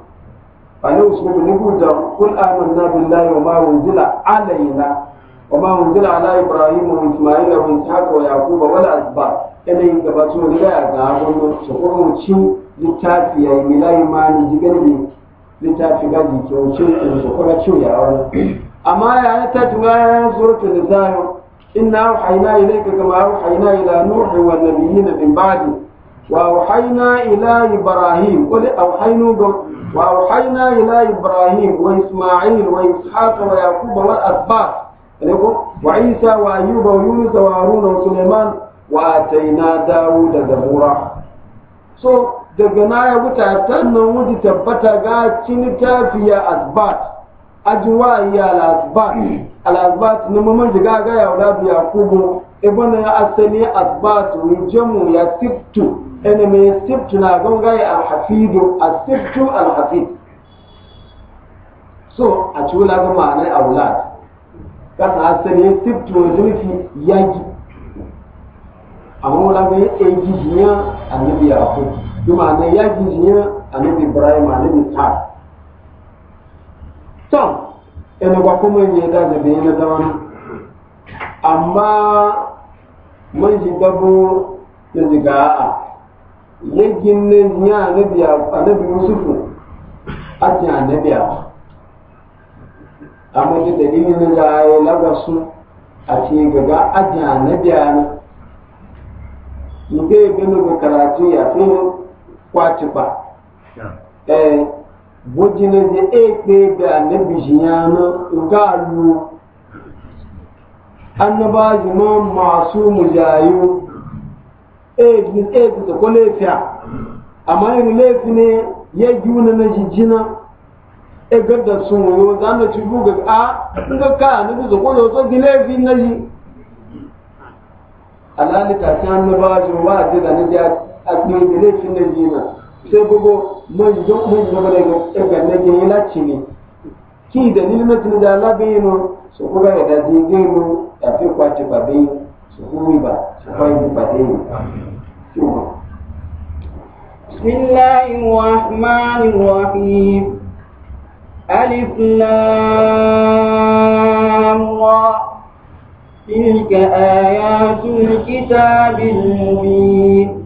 fa ne su ne guda kul amanna billahi wa ma unzila alaina wa ma unzila ala ibrahim wa isma'ila wa ishaq yanayin gabatun wani ya ga wannan sokoranci littafi ya yi milayi ma ni jigani ne littafi ga jike wuce in sokoranci ya wani amma ya yi ta tuna ya yi surutun da zahiru إنا أوحينا إليك كما أوحينا إلى نوح والنبيين من بعده وأوحينا إلى إبراهيم قل أوحينا وأوحينا إلى إبراهيم وإسماعيل وإسحاق ويعقوب والأسباط وعيسى وأيوب ويونس وهارون وسليمان wa na dawo da zabura so daga na ya wuta tannan wuji tabbata ga cin tafiya asbat ajiwa ya al-asbat al-asbat ne mamman diga ga ya wada biya kubo ibn ya asali asbat jamu ya siftu ene me siftu na gon ga ya al-hafidu Asibtu al-hafid so a ciwula ga ma'anar aulad kan asali siftu wa zulfi yaji amma wala ga ya yi jijiya annabi yaqub kuma ne ya jijiya annabi ibrahim annabi ta to ene ba kuma ne da da ne da wani amma mun ji dabo da diga a yajin ne ya annabi annabi yusufu a ti annabi amma da dalilin da ya labasu a ce gaga ajiyar annabi nke ebenu bụ karatu e, e ya fi kwatukpa ee bujinezi ekpe bi anabishi ya na nga alu annabazi ma masu mujayu ebi ebi da ko a amma yin laifi ne ya juna na jijina e gadda sun yo zan da ci buga a nga ka na bi zo ko yo to na ji alali ka ta annaba jo wa da da ni da atme da ne cin da jina sai bugo mun jo mun jo bane ga ga ne ke ila cini ki da ni na tun da labino su kuma ga da jige mu da fi kwaci ba bai su kuma ba su kai ni ba dai بسم الله الرحمن الرحيم ألف لام تلك آيات الكتاب المبين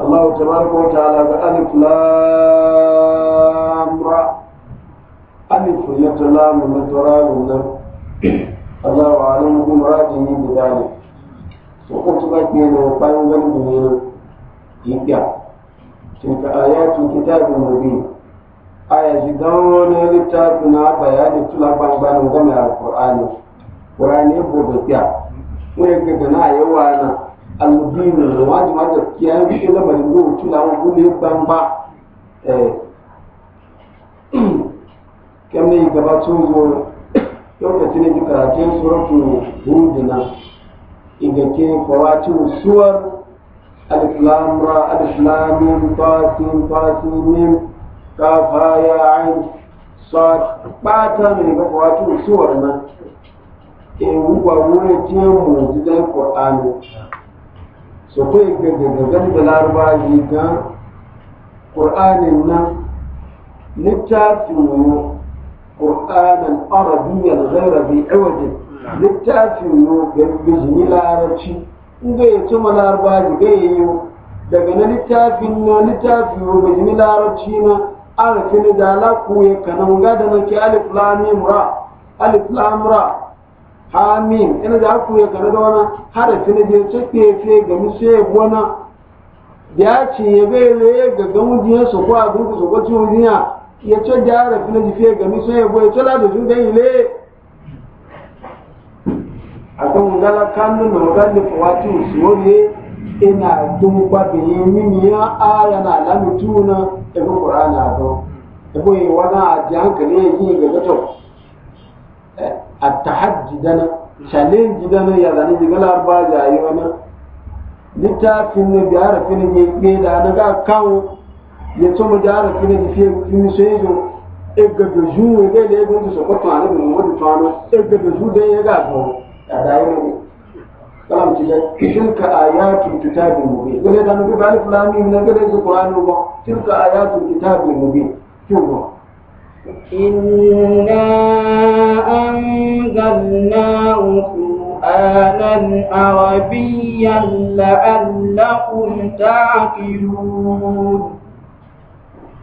الله تبارك وتعالى بألف لام را ألف يتلام نترام الله أعلم بمراده بذلك وقلت لك من القنبل من يبيع تلك آيات الكتاب المبين آية جدون لتاتنا بيان تلقى بان غمي القرآن qur'ani ya bodo tiya wani ga gana ya wana almubinu da wani ma gaskiya ya wuce lamarin da wuce na wani gune ban ba eh. kyan gaba sun zo lokacin da kika ke suratu hudina inda ke fawacin suwar alif lam ra alif lam mim tasin tasin mim kafa ya ain sad bata ne ga fawacin suwar nan ewu ba wani tiyan mu jidan qur'ani so ko ga ga da larba yi ga qur'anin nan littafin mu qur'anan arabiyyan ghayra bi iwaji littafin mu ga bijini larabci in ga yace ma larba yi ga yi daga na daga na littafin mu bijini larabci na arafin da la ku ya kanan ga da nake alif lam ra alif lam ra amin ina da aku ya gane da wani harafi na je cike fiye ga mishe gona ya ce ya bai raye ga gamujiyar su ko a gungu su ko cikin duniya ya ce da harafi na ga mishe gona ya ce la da shugan ile a kan gala kanu na rugalli fawati usuriye ina dumba da yi ya ya na lamituna ebe kurana don ebe yi wani a ji hankali ga التحدي eh? دنا challenge dana ya zane jigala ba jayi wani littafin ne da harafi ne ke ke da na ga kawo ya tsoma da harafi ne ega da ju ne ga da ego da sokoto ne mu mu tano ega da ju da ya go da dai kalam ci da tilka ayatul kitabil mubin ko ne da mu fulani ne ga da qur'ani ba tilka ayatul kitabil mubin ko inna لِسَانًا عَرَبِيًّا لَأَنَّهُمْ تَعْقِلُونَ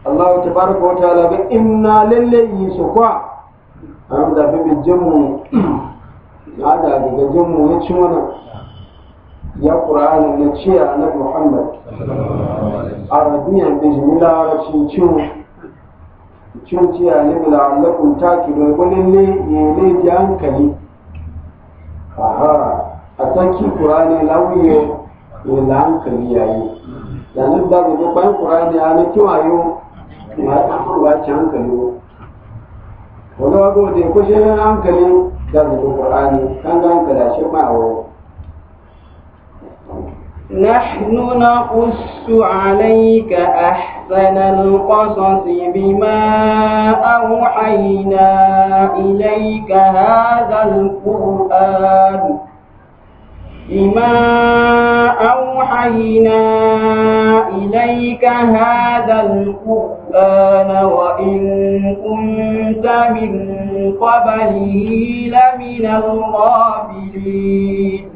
Allah ta fara ko ta labi ina lalle yi kwa na da daga jinmu ya ci wani ya ƙura'ani na ciya na Muhammad a rabiyan da shi nila a rashin ciwo ciya ne da lalle kun taƙi dogon lalle ne ne ji hankali aha a tsaki kurani lauye ne na hankali yayi yanzu da ga bayan ƙurani a na kiwayo ma ta kurwa ci hankali ko wani wago da ya kushe hankali da zai kurani kan ga hankali a shi ma'awo نحن نقص عليك أحسن القصص بما أوحينا إليك هذا القرآن بما أوحينا إليك هذا القرآن وإن كنت من قبله لمن الغافلين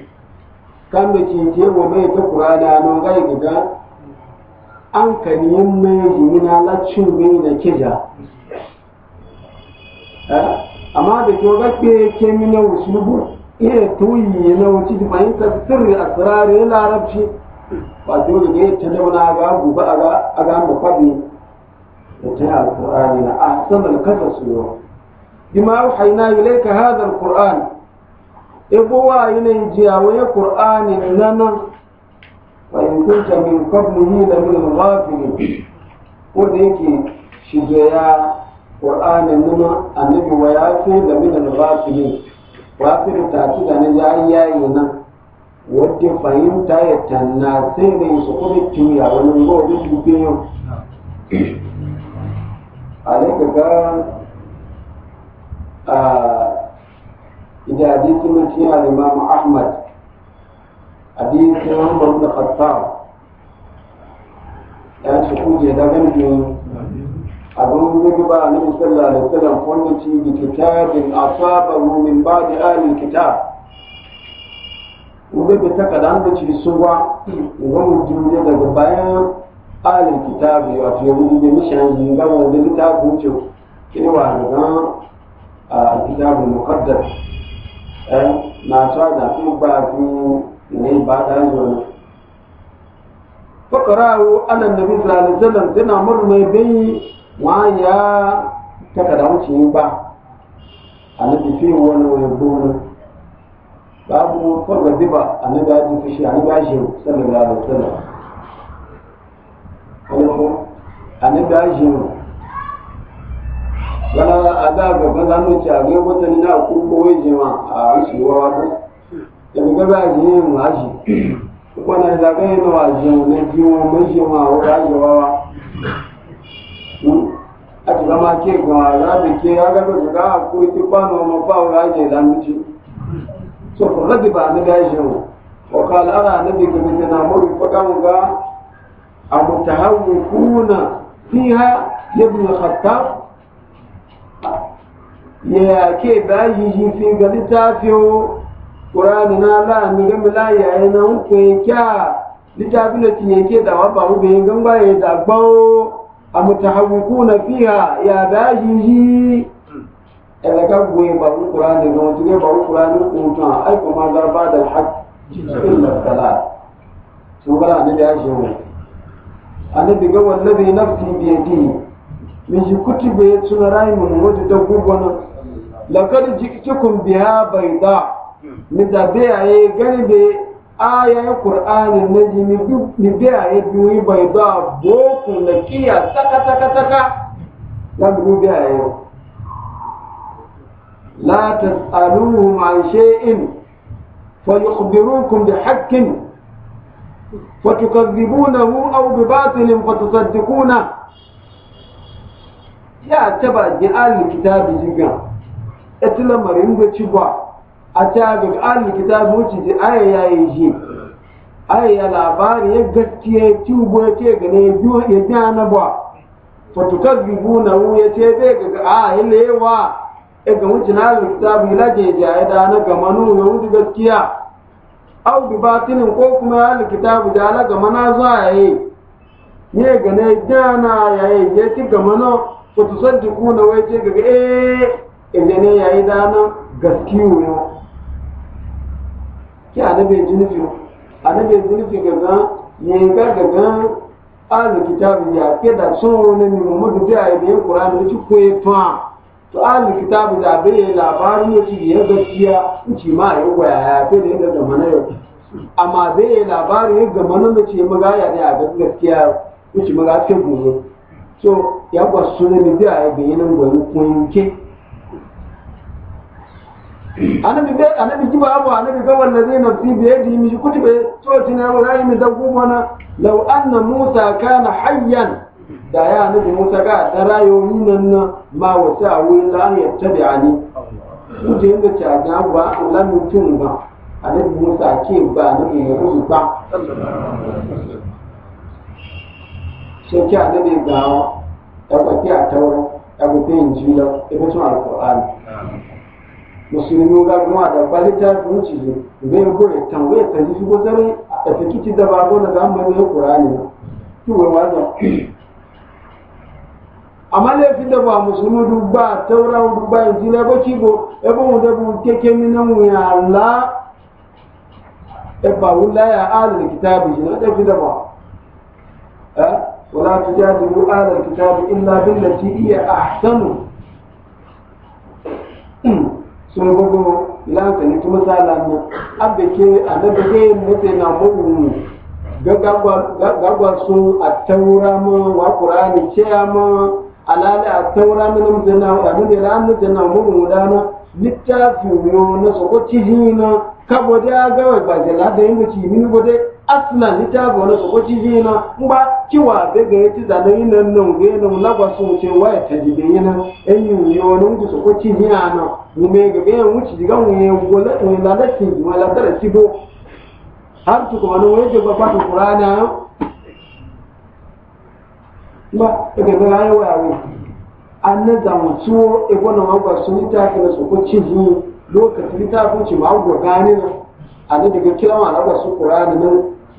kan da cinke wa mai ta kurana no gai gaga an kan yin mai jimina cin mai na kija eh? amma da kyau gaɓe ke mina usulubu iya tuyi na wuce da fahimtar sirri a tsirari ya larabci ba da ya ta dauna ga gobe a ga mu faɗi da ta yi alƙur'ani na a sanar kasa su yau na yi laika hadha alqur'an ebo wa yinin jiya wani qur'ani nana wa in kunta min qablihi la min al-ghafilin ko da yake shige ya qur'ani nana annabi wa ya fi la min al-ghafilin wa fi ta ci da ne ya yayi nan wadda fahimta ya tanna sai ne su kuma tiya wani gobe dubbe yau hmm. alaika ah, إذا حديث من فيها الإمام أحمد حديث عمر بن الخطاب يعني شكوك إذا كان abin gudu ba annabi sallallahu alaihi wasallam kunci bi kitabin asabahu min ba'di ahli kitab ubai ta kadan da ci suwa wani mu jinde daga bayan ahli kitab wato yahudi da mishan yi gama mu littafin ta kuce a muqaddas na-achọ aja ịgba na ịba adanjọ fakara awo ana nabi sallallahu alaihi tana mur mai bai wa ya takada wuce ba na fi wani wani gona babu farga diba annabi aji fishi annabi aji sallallahu alaihi wasallam annabi aji bana ada gaba za mu ci a ga wata ni na ku ko wai jima a shi wa wato da ga ba ji ne mu aji ko na da ga ne wa ji mu ne ji mu mun shi ma wa ga ji wa wa a ti ma ke ga za da ke ya ga ba ga ku ti ba no ma ba wa ji da mu ci so ko radi ba ne da shi mu wa qala ana nabi ka bi na mu fa ga mu ga amutahawwifuna fiha ibn khattab ya ke baa shi fi ga littafin ƙurani na la mi na hukun kya littafin da cinye ke da wabba mu bayin ya da gbawo a mutahawwiku na fiha ya baa shi ɗaga ka goyi ba mu ƙurani na mutum ya ba mu ƙurani لقد جئتكم بها بيضاء نتابع قلب آية القرآن النجم نبيع يبوي بيضاء بوك نكية تكا تكا تكا لم نبيع لا تسألوهم عن شيء فيخبروكم بحق فتكذبونه أو بباطل فتصدقونه يا تبع جعل الكتاب جدا etila marin da ci ba a ta ga ahli kitabu ci ji aya yi shi aya ya labari ya gaskiya ci ya ce ga ne ya ja na ba fa tukazzibuna hu ya ce be ga a ilewa e ga wuce na ahli kitabu ila je ja da na ga manu ya wuce gaskiya au bi batinin ko kuma ahli kitabu da la ga mana za yayi ye ga ne ja na yayi ya ci ga mano fa tusaddiquna wai ce ga eh ejene ya yi dana gaski wuyo ki anabe junufi anabe junufi gaga ne ga gaga ahlu kitabu ya ke da tsoro ne mi muhammadu da ayi ne qur'ani ne ci koyi fa to ahlu kitabu da bai labari ne ci ya gaskiya ci ma ya ya ke da da mana amma ya labari ne ga mana ne ci maga ya a gaskiya in ci maga ke gobe so ya gwasu ne da yi bayanan gwanin anabi be anabi jiba abu anabi ga wallazi nafsi bi yadihi mi kutibe to tina wala mi dagu mana law anna musa kana hayyan da ya anabi musa ga da rayoyi nan ma wata wuri la an yattabi'ani kuje inda ta ga ba Allah mutum ba anabi musa ke ba anabi ya rubu ba sai ke anabi ga ta ba ta tauro ta ba ta injila ta ba ta alqur'ani musulmi ga kuma da balita sun ne zai gore tan wai ta ji shigo a tafi da ba na da amma ne Qur'ani to wai wazo amma fi da ba musulmi du ba taura du ba injila ba ci go e bo da bu keke nan Allah e ba wala ya ahlul kitabi na da fi da ba eh wala tujadilu kitabi illa billati hiya ahsanu sun gogo lankali tuma sala na abe ke anabe ke mute na mugu gagwa su a taura mu wa qur'ani ce mu alala a taura mu nan zana abu ne ran da na mugu dana littafi mu na so ko ciji na kabo da ga ba da la da yin ci min gode as na ta bo na ko na mba kiwa wa ga ti da na ina nan ga na na gwa sun ce wa ta ji be ina en yo na ngu so ko ci ni ga be mu ci ga ya ye go la mu la ci mu la da ci bo har tu ko na we je ba fa qur'ana ba ga ayi waya na gwa ta na so lokacin ta na a na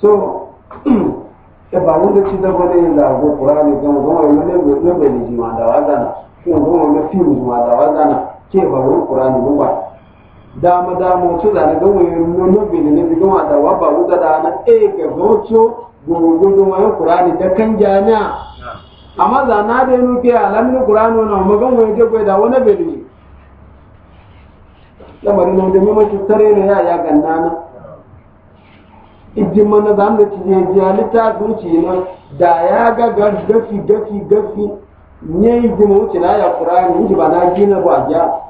so e ba wanda ci da bane da go qur'ani gan go wai ne ne be ni jima da wadana ko go ne fi ni jima da wadana ke ba wani qur'ani go ba da ma da mo to da ne go wai ne ne be ni ne go da wa ba wuda da na e ga go to go go do wai qur'ani da kan jami'a amma za na da nu ke alam ni qur'ani na mu gan wai da go da wani be ni lamarin da mai mai tare ne ya ya ganna na idin mana za mu ci je je alita zuci na da ya ga gafi gafi gafi ne idin mu ci la ya qur'ani ji ba na gina ba ja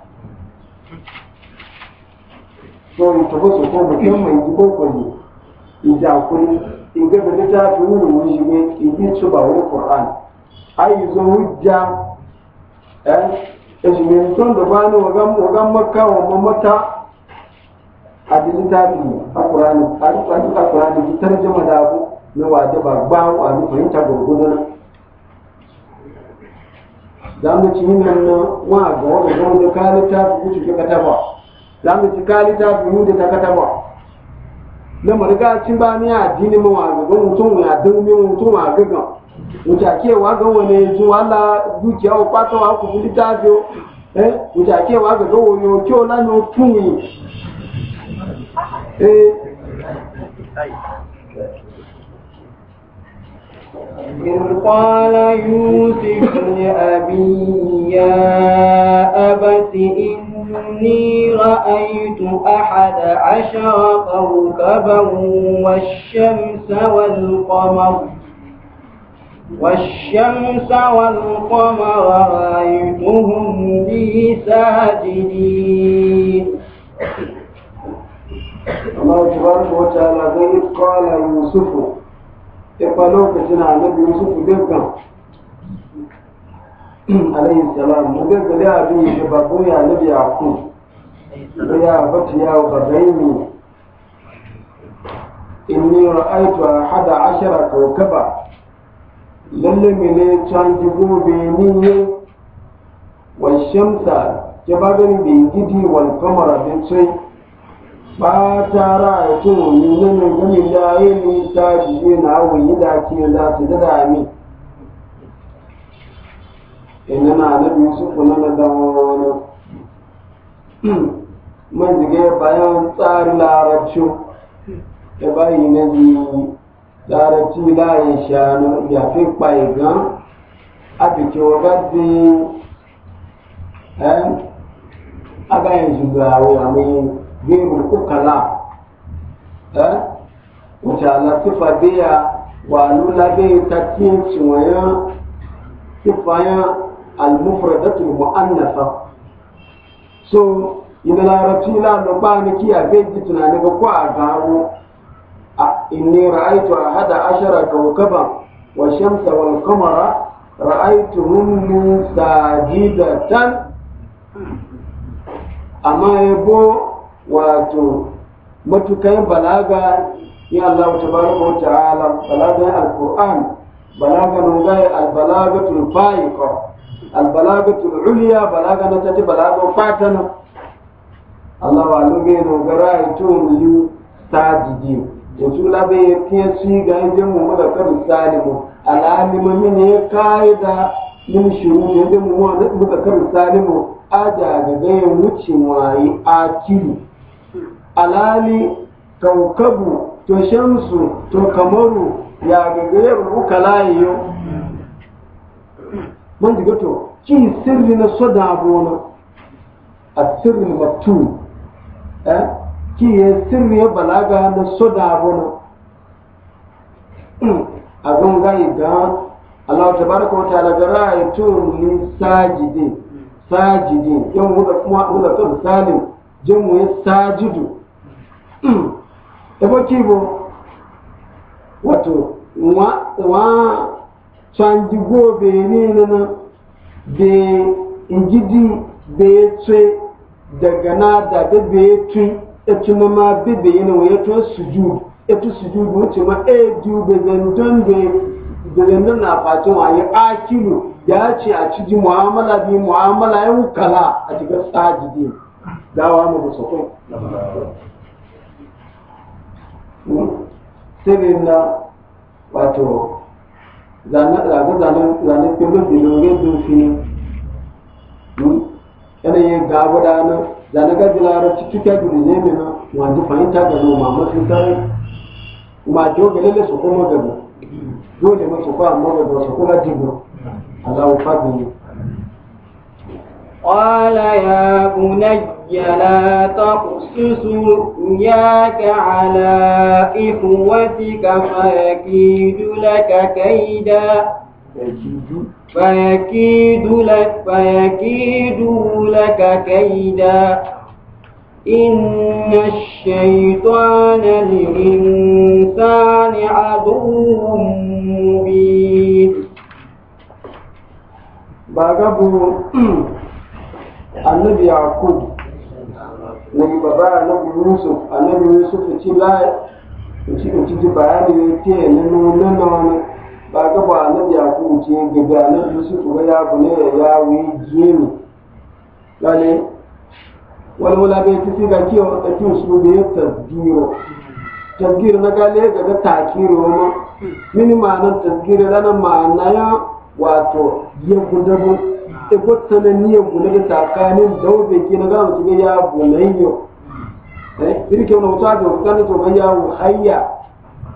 so yi to so ko mutum mai ji ko ko ni ija kuri in ga da ta fi wuri shi ne in ji su ba wuri qur'an ai zo hujja eh ejimin ton da bani wagan wagan makka wa mamata a ti littafi a ƙurani a littafi a ki tarjama da abu na waje ba ba wa ni fahimta gurgudu na za mu ci yin nan wa ga wani zama da ka littafi wuce ka kataba za mu ci ka littafi ka na ni addini ma wa ga mutum ya dan mi mutum mutake wa ga wani dukiya ku littafi eh mutake wa ga إذ قال يوسف لأبيه يا أبت إني رأيت أحد عشر كوكبا والشمس والقمر والشمس والقمر رأيتهم لي ساجدين Allah tabaraka wa ta'ala ga yi qala Yusufu. ya fa lokacin annabi yusuf dinkan alayhi salam mu ga ga ya abin shi ba ko ya annabi yaqub ya bata ya ba gaimi inni ra'aytu ahada ashara kawkaba lalle mene can ji gobe ni ne wa shamsa ke babin bi gidi wal qamara bin sai ɓatara a ce yi ne mai gami da yi ta jiye na wani da ke ndị su da dami inda na nabi yusuf na na dawo wani man jige bayan tsarin larabci da bayi na ji larabci da ya shanu ya fi a fice eh, wa gadi a bayan ya wa bíi buku kala ɛ eh? ŋutsala tufa bi ya wa lula ta ti tiwa ya tufa ya alimufra datu mu so yinala rati la lo gbaani kiya be ji tunani ko ko a gaaru a ah, inni ra'aytu a hada ashara kawkaba wa shamsa wal kamara ra'aytu hunnu sajidatan amma ya boo wato matukan balaga ya Allah baraka wa ta'ala balaga al-Qur'an balaga nungai albalagatul faiqa albalagatul ulya balaga na tati balaga fatana Allah wa lume nungara itun yu sajidi wasu labe ke shi ga inda mu da kan salimu alalima mine kaida min shuru da mu da kan salimu aja ga ga wucin a akilu alali kaukabu to shamsu to kamaru ya gagayar uka layiyo mun ji gato ki sirri na soda abona a sirri matu eh ki ya sirri ya balaga na soda abona a gonga idan Allah tabaraka wa ta'ala ga ra'aytun min sajidin sajidin yan huda kuma huda kan salim jamu ya sajidu Hmm. ebochi bụ wato nwa canji niile na be injidi be etwe daga na etu na ma be na etu etu sujud ma edu ji ube na fatin wani akilu ya ce a ciji mu'amala bi mu'amala ewu kala a cikin dawa sirrin na wato zane pelo bilo ge du ga na zane ga cike gudu ne mai na fahimta ga noma ma jo ga lalle su kuma gaba dole masu kwa amma su kuma jigo Allah fa قال يا بني لا تقصص رؤياك على إخوتك فيكيد لك كيدا فيكيد لك فيكيد لك كيدا إن الشيطان للإنسان عدو مبين annabi yaqub wani baba annabi yusuf annabi yusuf ci la ci ci ji bayani ne te ne no no no ba ga ba annabi yaqub ci ga annabi yusuf ga ya bune ya wi jimi lale walwala bai tafi ga kiyo da kiyo su bai tasbiro tasbir na le ga ga takiro ma mini ma'anar tasbir ranar ma'ana ya wato yin gudabu ikwatta na niyan gune da tsakanin daube ke na gama cikin ya bunan yau eh, irke wani wuta da wuta na tsoron yawo hayya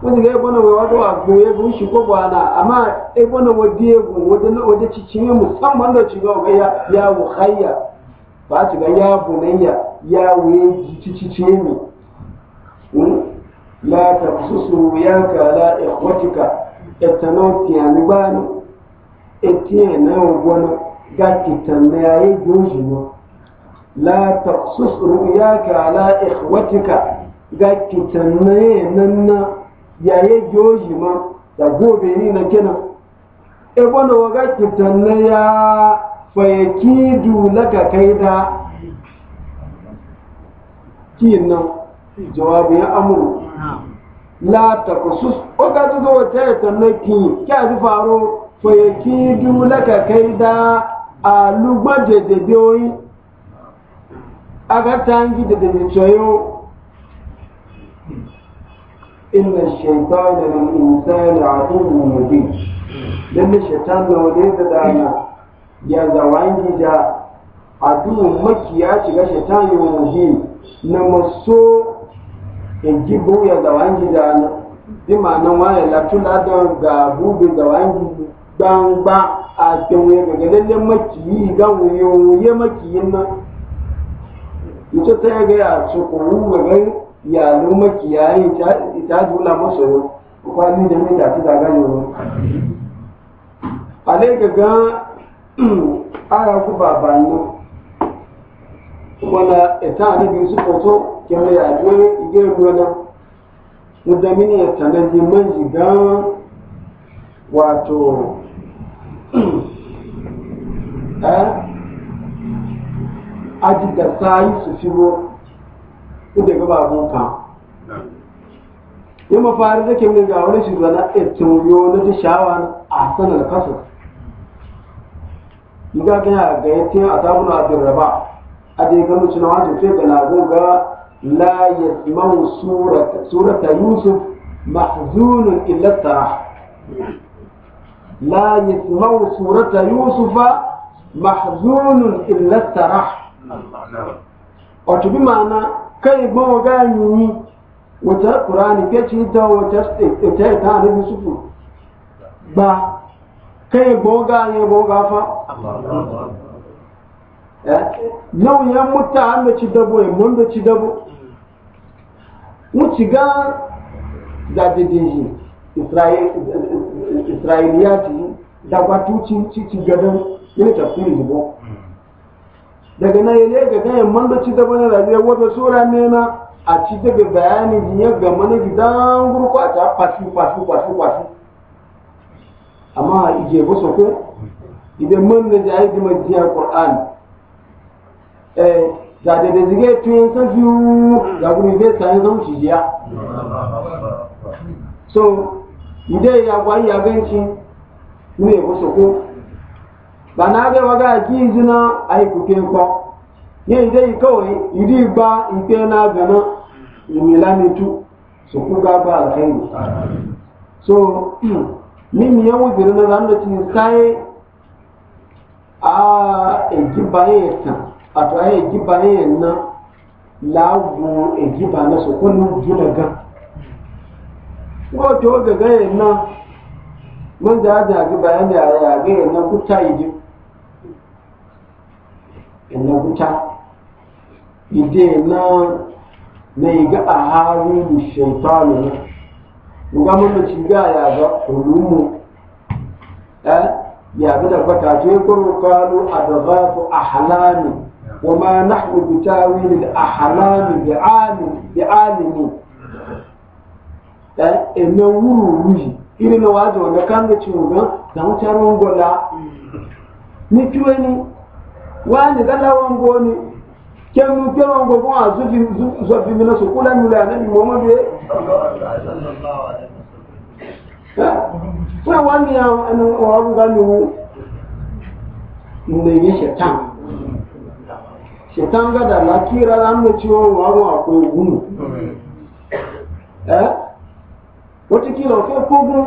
wani ga ibana wai wato a goye gun shi ko bana amma ibana wadi ya gun wadda wadda cikin musamman da ci ga ya yawo hayya ba ci ga ya bunayya ya wuye cici ne hmm? la tafsusu yanka la ikhwatika etanau tiyami bani etiyana wani كاتتن ياي جوجنو لا تقصص رؤياك على إخوتك كاتتن ننا ياي جوجما يقول بينينا كنا ابن وكاتتن يا فيكيد لك كيدا كينا جواب يا أمرو لا تقصص وكاتتن وتاتن كي كاتفارو فيكيد لك كيدا alugba dedede oyin agatangi dedede tsoyo inna shaitana lil insani aduwwun mubin lalle shaitan da wani da dana ya zawangi da aduwwun makiya shiga shaitan yau mubin na maso ejibu ya zawangi da na bi ma'anan wayan latula da gabu bi zawangi gbangba a kyanwe daga lalle makiyi ga wuyoye makiyin na ita ta ga ya ci kuru ga gai yalu makiyayi ita dula masa yau kwani da mai tafi da gani yau ale ga ga ara ku babanni wala ita ne bi su foto kyanwe ya juwe igiyar gona mudamini ya tanaji manji ga wato aji da yi su shigo inda ga babun yi mafari da ke ga wani shugaba na etoriyo na ta shawar a sanar kasa iga ga ga yatti a tabuna abdurraba a da ya gano cin wajen fe ga lagun ga ya yasmau surata yusuf mahzunun illa لا يسمع سورة يوسف محزون إلا الترح وتبي معنى كي بوغاني وتا القرآن كيشي تا وتا تا نبي سفر با كي بوغاني بوغافا yau ya mutu an da ci dabo ya mun da ci dabo mu ci ga isra'iliya ci dakwatuci cici gadon yin tafsiri jibo daga nan ya ga gayan mandaci ci bane da zai wata sura ne na a ci daga bayani ya ga mana gidan gurku a ta fasu fasu fasu fasu amma ije ba so ko idan man da jayi da majiya qur'an eh da da da zige tun san fiu da guri zai sai zan ci ya so nde ya gwa ya ganci ne wasu ko ba na ga waga ki jina ai ku ke ko ye ide ko idi gba na gana imila ni tu so ku ga ba alkhairi so ni mi yawo gire na ran da tin sai a ejiba ye tan ato ye ejiba ye na lawo ejiba na so ko wato ga gayen nan mun da aja ga bayan da ya ga yin nan kuta idi in na kuta ide na na iga a haru shaitanu ne mun ga mun ci ga ya ga ulumu eh ya ga da kwata ce kun qalu adghafu ahlami وما نحن بتاويل الاحلام بعالم بعالم é eme wuru iri na waje wanda kan da ciwo ga da mutanen ni kiwe wani dala wango ni kemu kemu wango ko a zufi zufi mina su kula na bi muhammadu ye wa wani ya an wa ne ye shaitan shaitan ga da lakira da ciwo wa ko gunu otí kí lọ fẹ́ kógun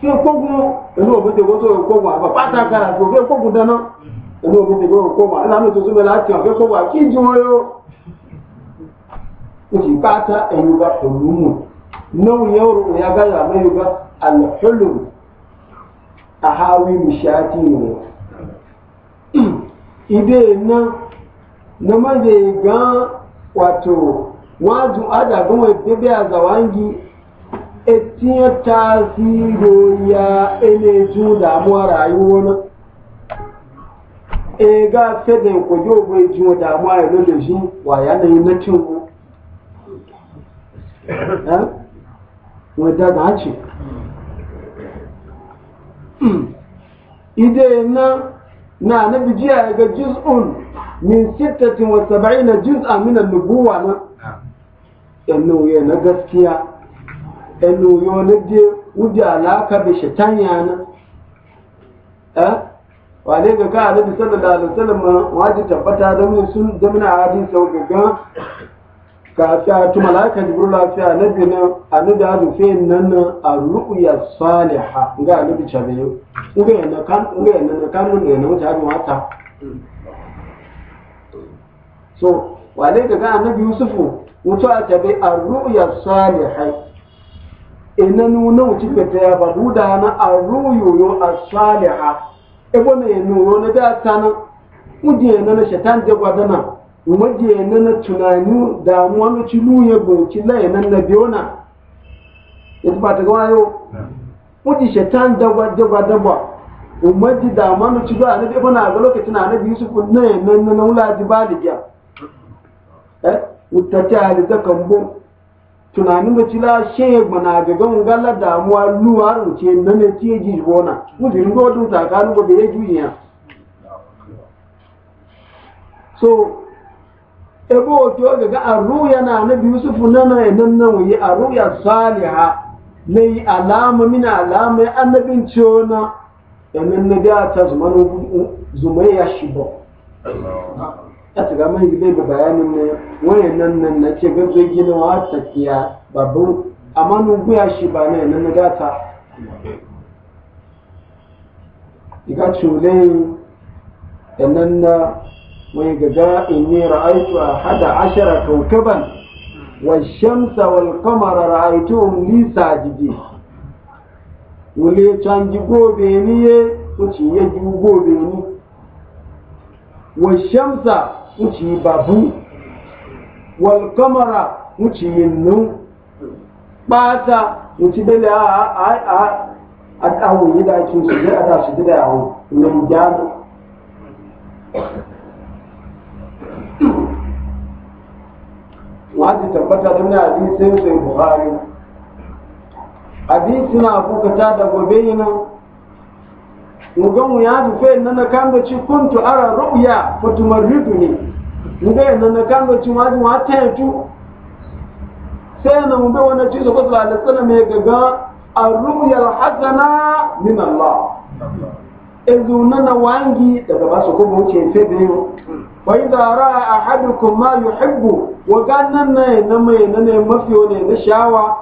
kí o kógun inú òbítẹ̀gbọ́ tó kógun àbá pátákàrà tó fẹ́ kógun dáná inú òbítẹ̀gbọ́ tó kógun ìlànà tó súnmọ́ láti ọ̀fẹ́ kógun àkí jí wọn yóò oṣù pátá ẹ̀yìn bá pẹ̀lú mù náà yẹ òrò òyà gáyà mẹ́rin bá àlẹ́fẹ́lò àháwí mìṣáàtì rẹ̀ ìdè iná na mọ́jẹ̀ gan wàtò wọ́n á dùn ádàgún ẹgbẹ́ àzàwáńgì etinye tasiro e ya eneju damuwa rayuwa na e ga fede kwaje ogbo ejiwo damuwa ya lolo shi wa ya na yi na cin mu wadda na ce ide na na na bijiya ya ga juz'un min sittatin wa saba'ina juz'a min an-nubuwa na yannu ya na gaskiya elu yo ne de wudi alaka bi shaitan yana eh tabbata da sun da mun hadisi sau ga ka fiya tu malaika jibril lafiya annabi na annabi hadu fe a ru'ya salihah ga annabi chabe ga yana kan ga yana kan mun ga nan ta mata so wale ga annabi yusufu a tabi a ru'ya ina nuna wuce fita ya ba buda na a ruyoyo a saliha ebo na ya nuno na da ta na muje na na e shaitan da gwadana muje na na tunani damuwa na ci luye gunci laye nan na biyo na ya ba ta gawa yau muje shaitan da gwadagwada ba umarji damuwa na ci zuwa e na ebo na ga lokacin na na biyu su kunna ya nan na wula ji ba e, da biya eh mutace a da kan bon tunanin da cila she mana gagan gala damuwa luwa ruce na ne ce ji bona mutum ga wata takanu ba da ya ya. so ebo ojo gaga aru na biyu su funa na nan nan wuyi ya saliha yi alama mina alama annabin ciona na ga ta zumanu ya shibo ta shiga mai gidan da bayanin ne wayan nan nan na ce gazo gina wa tafiya babu amma nun guya shi ba nan nan na gata iga cule da nan na wai gaga inni ra'aitu ahada ashara kawkaban wa shamsa wal qamara ra'aituhum li sajidi wule canji gobe ni ye kuci ya gobe ni wa shamsa wuce babu wal kamara wuce yinnu bata wuce dala a a a tawo yi da ake su ne a da su da yawo nan jami wani tabbata don na hadisin sai buhari hadisi na kuka ta da gobe nan mugan ya dufe na na kando ci kuntu ara ru'ya fa tumarridu ni mugan na na kando ci wadi wa tayatu sai na mumbe wannan ci zuwa sallallahu alaihi wasallam ya gaga ar-ru'ya al-hasana min Allah ezu nana wangi daga basu ko mu ce fe biyu wa idza ra'a ahadukum ma yuhibbu wa gannan ne na mai na ne mafiyo ne na shawa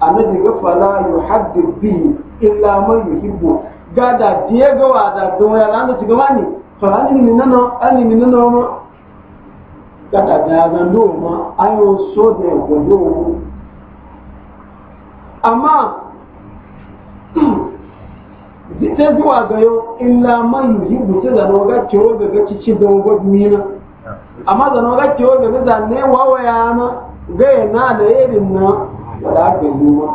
annabi ga fala yuhaddith bihi illa man yuhibbu gada tie ga wa da don ya ran da tiga ni to ran ni min nano an ni min nano ma gada da ga ndo ma ayo so de go do amma ta zuwa ga yau illa man yi buce da na ga cewa ga ga cici don gwad nina amma da na ga cewa ga ga zanne wawaya na ga yana da irin na wada ga yi ma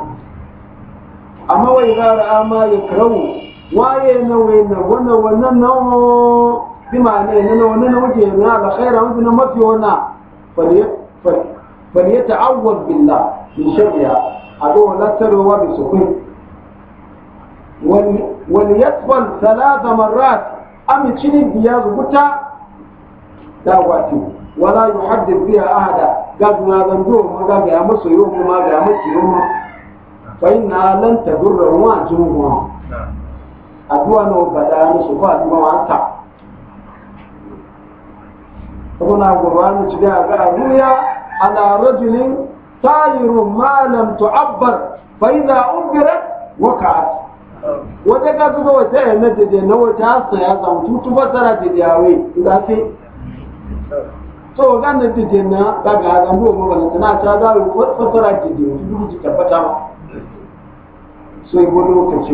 amma wai gara ama ya karawo waye na wena wana wana na o bi ma ne na wana na wuce na ba khaira wanda na mafi wana fali fali ya ta'awwad billah min sharriha ado wala tarowa bi sukun wal yatwal thalatha marrat am chini biya zubuta dawati wala yuhaddith biha ahada gadu na do ma ga ya musu yau kuma ga ya musu fa inna lan tadurru wa jumu'a àdúrà náà gbàdá ní ṣùgbọ́n àdúrà wọn ta ọdún agbọ̀rọ̀ wọn ti bí àgbà àdúrà alárojìlì táyìrò máàlàm tó àbàr fàyídà ọ̀bẹ̀rẹ̀ wọ́kà wata ka zuba wata ya na dede na wata hasa ya tutu fasara dede awe da so ga na dede na daga adam ruwa mabalanta na ta zaru fasara dede wata duk tabbata ma so ibo lokaci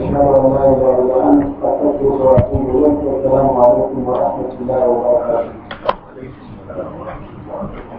وشر الله وبركاته فاتقوا واتوب اليكم والسلام عليكم ورحمه الله وبركاته.